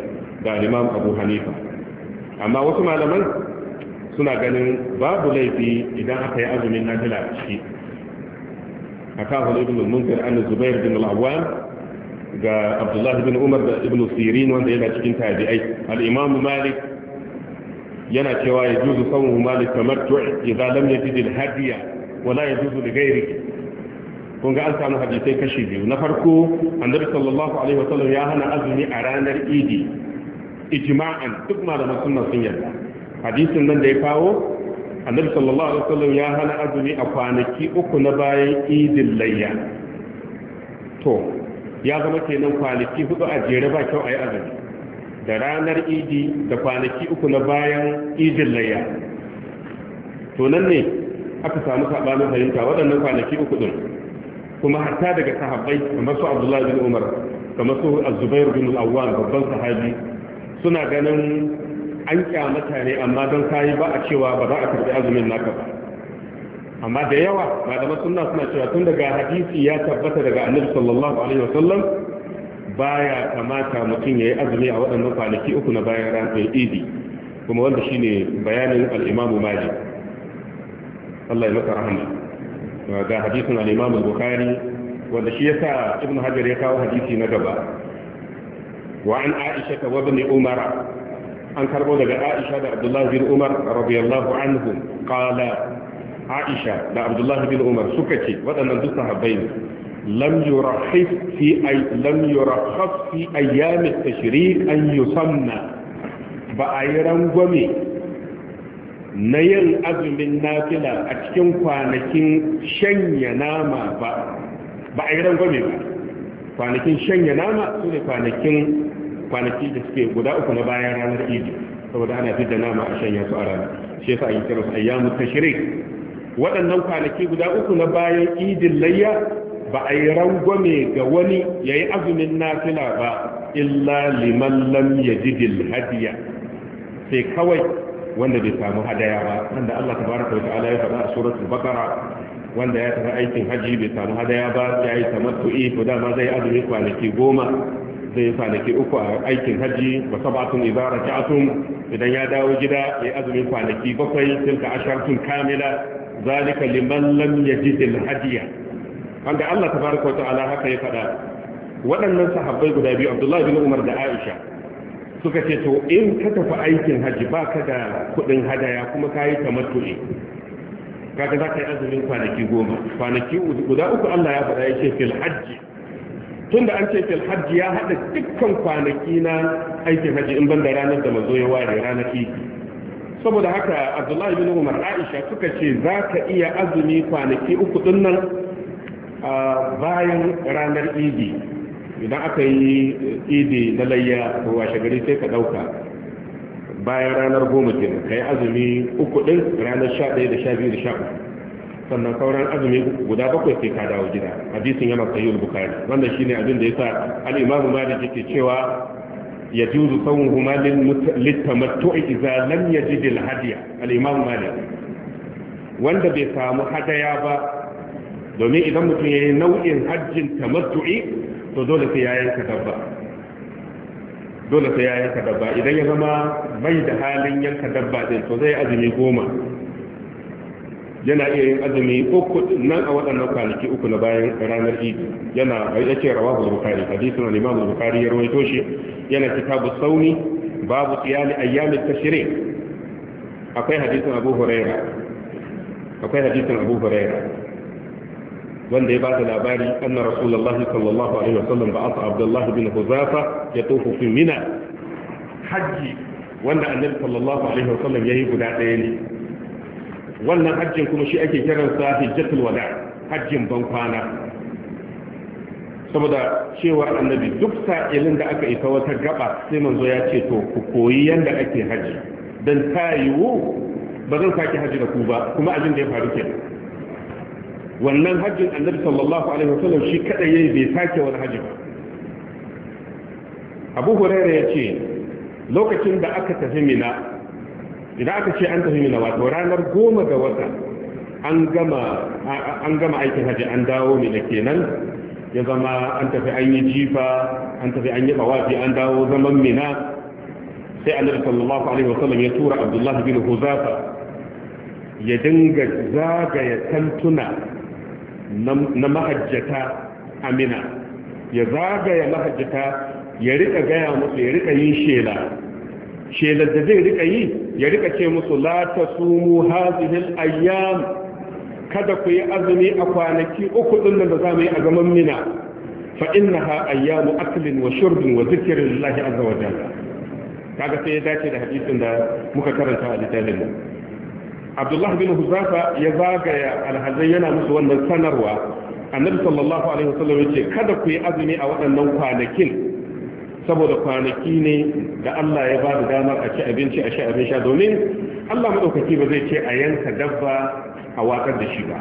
da al'imamu abu hanifa amma wasu malaman suna ganin babu laifi idan aka yi azumin nafila a ciki a kafin ibn al-munzir an zubair bin al-awwam ga abdullah bin umar da ibn sirin wanda yana cikin tabi'ai al malik yana cewa ya juzu samun malik kamar tu'i idan lam yajid al-hadiya wala yajuzu da ghairihi kun ga an samu hadisai kashi biyu na farko annabi sallallahu alaihi wasallam ya hana azumi a ranar idi ijma'an duk malaman sunna sun yarda hadisin nan da ya kawo annabi sallallahu alaihi wasallam ya hana azumi a kwanaki uku na bayan idin layya to ya zama kenan kwanaki hudu a jere ba kyau a yi azumi da ranar idi da kwanaki uku na bayan idin layya to nan ne aka samu sabanin fahimta waɗannan kwanaki uku din kuma hatta daga sahabbai kamar su abdullahi bin umar kamar su azubair bin al babban sahabi suna ganin an kyamata ne amma don kayi ba a cewa ba za a karbi azumin naka ba amma da yawa malaman sunna suna cewa tun daga hadisi ya tabbata daga annabi sallallahu alaihi wasallam baya kamata mutum ya yi azumi a waɗannan kwanaki uku na bayan ranar idi kuma wanda shi ne bayanin al'imamu Maji Allah ya maka rahama ga hadisun al'imamu bukari wanda shi ya sa ibn hajar ya kawo hadisi na gaba wa an aisha ta wabin umara an karbo daga aisha da abdullahi bin umar radiyallahu anhu qala aisha da abdullahi bin umar suka ce waɗannan duk sahabbai ne lam yurahhis fi ay lam yurahhas ba a yi rangwame na yin azumin nafila a cikin kwanakin shanya nama ba a yi rangwame ba kwanakin shanya nama kwanaki da suke guda uku na bayan ranar saboda ana fi da nama a shanya su a rana shi yasa yin kira su ayyamu tashrik waɗannan kwanaki guda uku na bayan idin layya ba a yi rangwame ga wani ya yi azumin nafila ba illa liman lam ya jidil hadiya sai kawai wanda bai samu hadaya ba wanda Allah ta baraka wa ta'ala ya faɗa a suratul baqara wanda ya tafi aikin haji bai samu hadaya ba ya yi tamattu'i to dama zai azumi kwanaki goma zai yi kwanaki uku a aikin haji ba sabatun idza raka'atum idan ya dawo gida ya yi azumi kwanaki bakwai tilka asharatun kamila zalika liman lam yajid al hadiya wanda Allah tabaraka wa ta'ala haka ya faɗa waɗannan sahabbai guda biyu Abdullahi bin Umar da Aisha suka ce to in ka tafi aikin haji baka da kuɗin hadaya kuma ka yi kayi tamattu'i kaga za ka yi azumin kwanaki goma kwanaki guda uku Allah ya faɗa ya ce fil hajji tun da an ce fil hajji ya haɗa dukkan kwanaki na aikin haji in ban da ranar da mazo ya ware ranar iki saboda haka abdullahi bin umar aisha suka ce za ka iya azumi kwanaki uku din nan bayan ranar idi idan aka yi idi na layya ko washe gari sai ka ɗauka bayan ranar goma ke ka yi azumi uku ɗin ranar sha ɗaya da sha biyu da sha uku sannan sauran azumi guda bakwai sai ka dawo gida hadisin yana sayyul bukari wannan shine abin da yasa al-imamu malik yake cewa ya يجوز صومهما للتمتع إذا لم hadiya الهدي الإمام مالك wanda bai samu hadaya ba domin idan mutum ya yi nau'in hajjin tamattu'i to dole sai ya yanka dabba dole sai ya yanka dabba idan ya zama bai da halin yanka dabba din to zai azumi goma yana iya yin azumi uku nan a waɗannan kwanaki uku na bayan ranar idi yana yake rawa da bukari hadisin al-imam al-bukhari ya rawaito shi yana kitabu sauni babu qiyali ayyam at-tashrik akwai hadisin abu hurairah akwai hadisin abu hurairah wanda ya bada labari anna rasulullahi sallallahu alaihi wasallam ba asa Abdullahi bin huzafa ya tofu fi mina haji wanda annabi sallallahu alaihi wasallam yayi guda ɗaya ne wannan hajjin kuma shi ake kiransa hijjatul wada hajjin ban kwana saboda cewa annabi duk sa'ilin da aka isa wata gaba sai manzo ya ce to ku koyi yanda ake haji dan ta yiwu ba zan sake haji da ku ba kuma abin da ya faru kenan wannan hajjin annabi sallallahu alaihi wasallam shi kadai yayi bai sake wani hajji ba abu hurairah ya ce lokacin da aka tafi mina idan aka ce an tafi mina wato ranar goma ga wata an gama an gama aikin hajji an dawo mina kenan ya zama an tafi an yi jifa an tafi an yi bawafi an dawo zaman mina sai annabi sallallahu alaihi wasallam ya tura abdullahi bin huzafa ya dinga zagaya tantuna na mahajjata amina ya zagaya mahajjata ya rika gaya musu ya rika yin shela shelar da zai rika yi ya rika ce musu la ta sumu hazihil ayyam kada ku yi azumi a kwanaki uku din da za mu yi a gaman mina fa innaha ayyamu aklin wa shurbin wa zikrin lillahi azza wa jalla kaga sai ya dace da hadisin da muka karanta a littafin nan abdullahi bin huzafa ya zagaya alhazai yana musu wannan sanarwa annabi sallallahu alaihi wasallam yace kada ku yi azumi a waɗannan kwanakin saboda kwanaki ne da Allah ya ba da damar a ci abinci a sha abin sha domin Allah madaukaki ba zai ce a yanka dabba a watsar da shi ba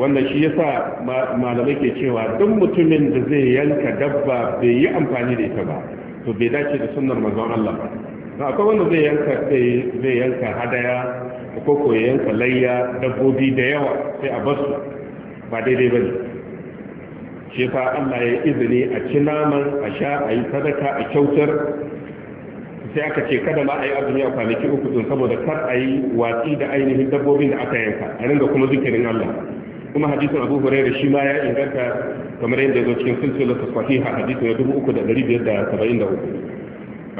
wannan shi yasa malamai ke cewa duk mutumin da zai yanka dabba bai yi amfani da ita ba to bai dace da sunnar manzon Allah ba na akwai wanda zai yanka sai zai yanka hadaya ko ko yanka layya dabbobi da yawa sai a basu ba daidai ba ne shi fa Allah ya izini a ci naman a sha a yi sadaka a kyautar sai aka ce kada ma a yi azumi a kwanaki uku din saboda kar a yi watsi da ainihin dabbobin da aka yanka a ringa kuma zikirin Allah kuma hadisin Abu Hurairah shi ma ya inganta kamar yadda ya zo cikin silsilar sahiha hadisi na 3573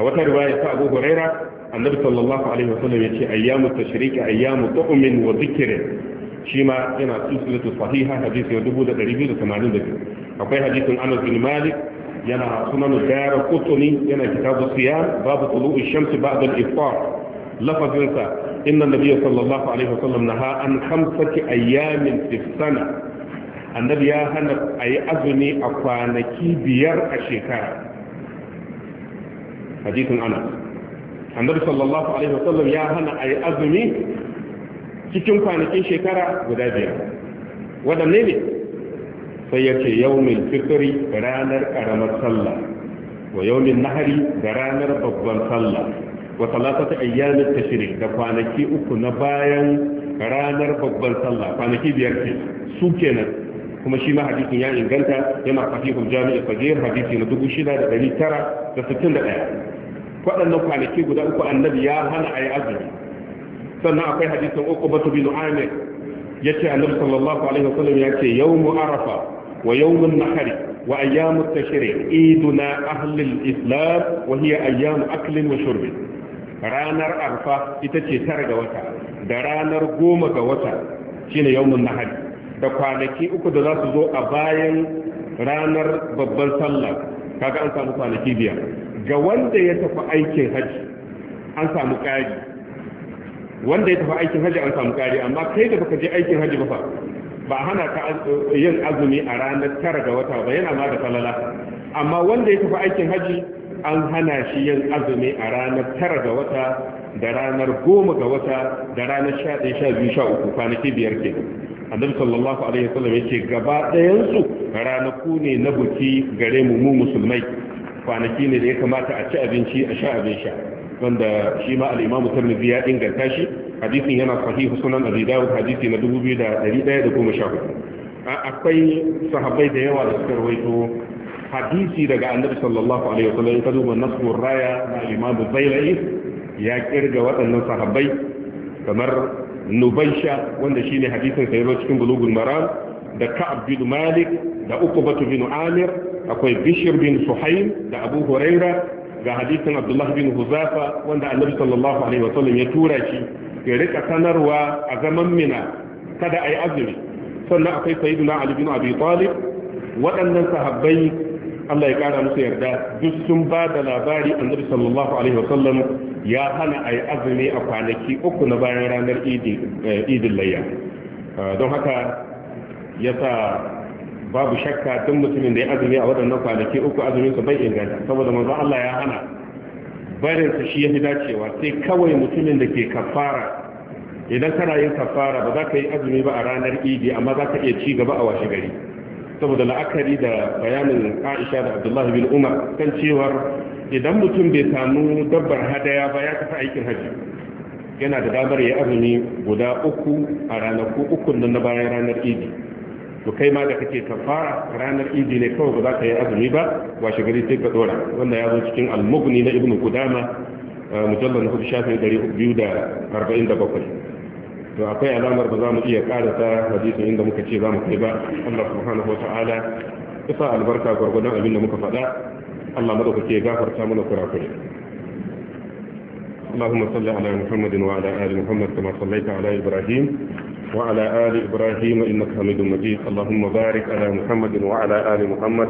وتر رواية أبو هريرة النبي صلى الله عليه وسلم يتي أيام التشريك أيام طعم وذكر شيما هنا سلسلة صحيحة حديث يدبو ذا قريبي ذا ثمانين حديث أنس بن مالك ينا سنن الدار القطني ينا كتاب الصيام باب طلوع الشمس بعد الإفطار لفظ ينسى إن النبي صلى الله عليه وسلم نهى عن خمسة أيام في السنة النبي يا هنب أي أزني أقوانكي بير أشيكار hadisin ana annabi sallallahu alaihi wasallam ya hana ayi azumi cikin kwanakin shekara guda biyar waɗanne ne sai ya ce yawmin fitri ranar karamar sallah wa yawmin nahari da ranar babban sallah wa talatata ayyamin tashrik da kwanaki uku na bayan ranar babban sallah kwanaki biyar ce su kenan kuma shi ma hadisin ya inganta yana sahihul jami'i fajir hadisi na 6961 waɗannan kwanaki guda uku annabi ya hana yi azumi sannan akwai hadisin uqbatu bin amir yace annabi sallallahu alaihi wasallam yace mu arafa wa yawmun nahari wa ayyamu tashriq iduna ahli al-islam wa hiya ayyamu aklin wa shurbin ranar arfa ita ce tara ga wata da ranar goma ga wata shine yawmun nahari da kwanaki uku da za su zo a bayan ranar babban sallah kaga an samu kwanaki biyar ga wanda ya tafi aikin haji, an samu ƙari wanda ya tafi aikin haji an samu ƙari amma kai da baka je aikin haji ba fa ba hana ka yin azumi a ranar tara ga wata ba yana ma da falala amma wanda ya tafi aikin haji, an hana shi yin azumi a ranar tara ga wata da ranar goma ga wata da ranar sha ɗaya sha biyu sha uku kwanaki biyar kenan annabi sallallahu alaihi wasallam yace gaba ɗayan su ranaku ne na buki gare mu mu musulmai kwanaki ne da ya kamata a ci abinci a sha abin sha wanda shi ma al imamu Tirmidhi ya inganta shi hadisin yana sahihu sunan Abi Dawud hadisi na 2114 akwai sahabbai da yawa da suka rawaito hadisi daga Annabi sallallahu alaihi wasallam in ka duba raya na imamu Bayla'i ya kirga waɗannan sahabbai kamar nubaisha wanda shine hadisin sai zo cikin bulugul maram da ka'ab bin malik da uqbatu bin amir akwai bishr bin suhaim da abu huraira ga hadisin abdullah bin huzafa wanda annabi sallallahu alaihi wasallam ya tura shi ya rika sanarwa a zaman mina kada ayi azumi sannan akwai sayyiduna ali bin abi talib waɗannan sahabbai Allah ya kara musu yarda duk sun ba da labari annabi sallallahu alaihi wasallam ya hana ayi azumi a kwanaki uku na bayan ranar idin eh, layya ah, don haka yasa babu shakka duk mutumin da ya azumi a waɗannan kwanaki uku azumin bai inganta saboda manzo Allah ya hana barin su shi fi dacewa sai kawai mutumin da ke kafara idan kana yin kafara ba za ka yi azumi ba a ranar idi amma za ka iya ci gaba a washe gari saboda la'akari da bayanin aisha da abdullahi bin umar kan cewar idan mutum bai samu dabbar hadaya ba ya tafi aikin hajji yana da damar ya azumi guda uku a ranaku uku nan na bayan ranar idi to kai ma da kake kafara ranar idi ne kawai ba za ka yi azumi ba washe gari sai ka dora wanda ya zo cikin almugni na ibnu kudama eh, mujallal na hudu shafin 247 to akwai alamar ba za mu iya karasa hadisin inda muka ce za mu kai ba Allah subhanahu wata'ala ya albarka gwargwadon abin da muka faɗa Allah madaukake ya gafarta mana kurakure اللهم صل على محمد وعلى آل محمد كما صليت على إبراهيم وعلى آل إبراهيم إنك حميد مجيد اللهم بارك على محمد وعلى آل محمد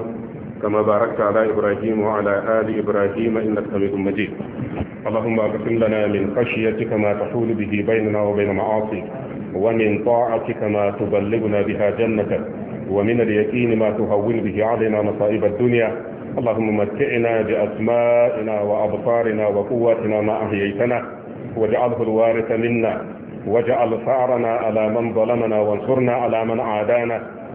كما باركت على إبراهيم وعلى آل إبراهيم إنك حميد مجيد اللهم اقسم لنا من خشيتك ما تحول به بيننا وبين معاصيك ومن طاعتك ما تبلغنا بها جنتك ومن اليقين ما تهون به علينا مصائب الدنيا اللهم متعنا بأسمائنا وأبصارنا وقواتنا ما أحييتنا واجعله الوارث منا واجعل ثارنا على من ظلمنا وانصرنا على من عادانا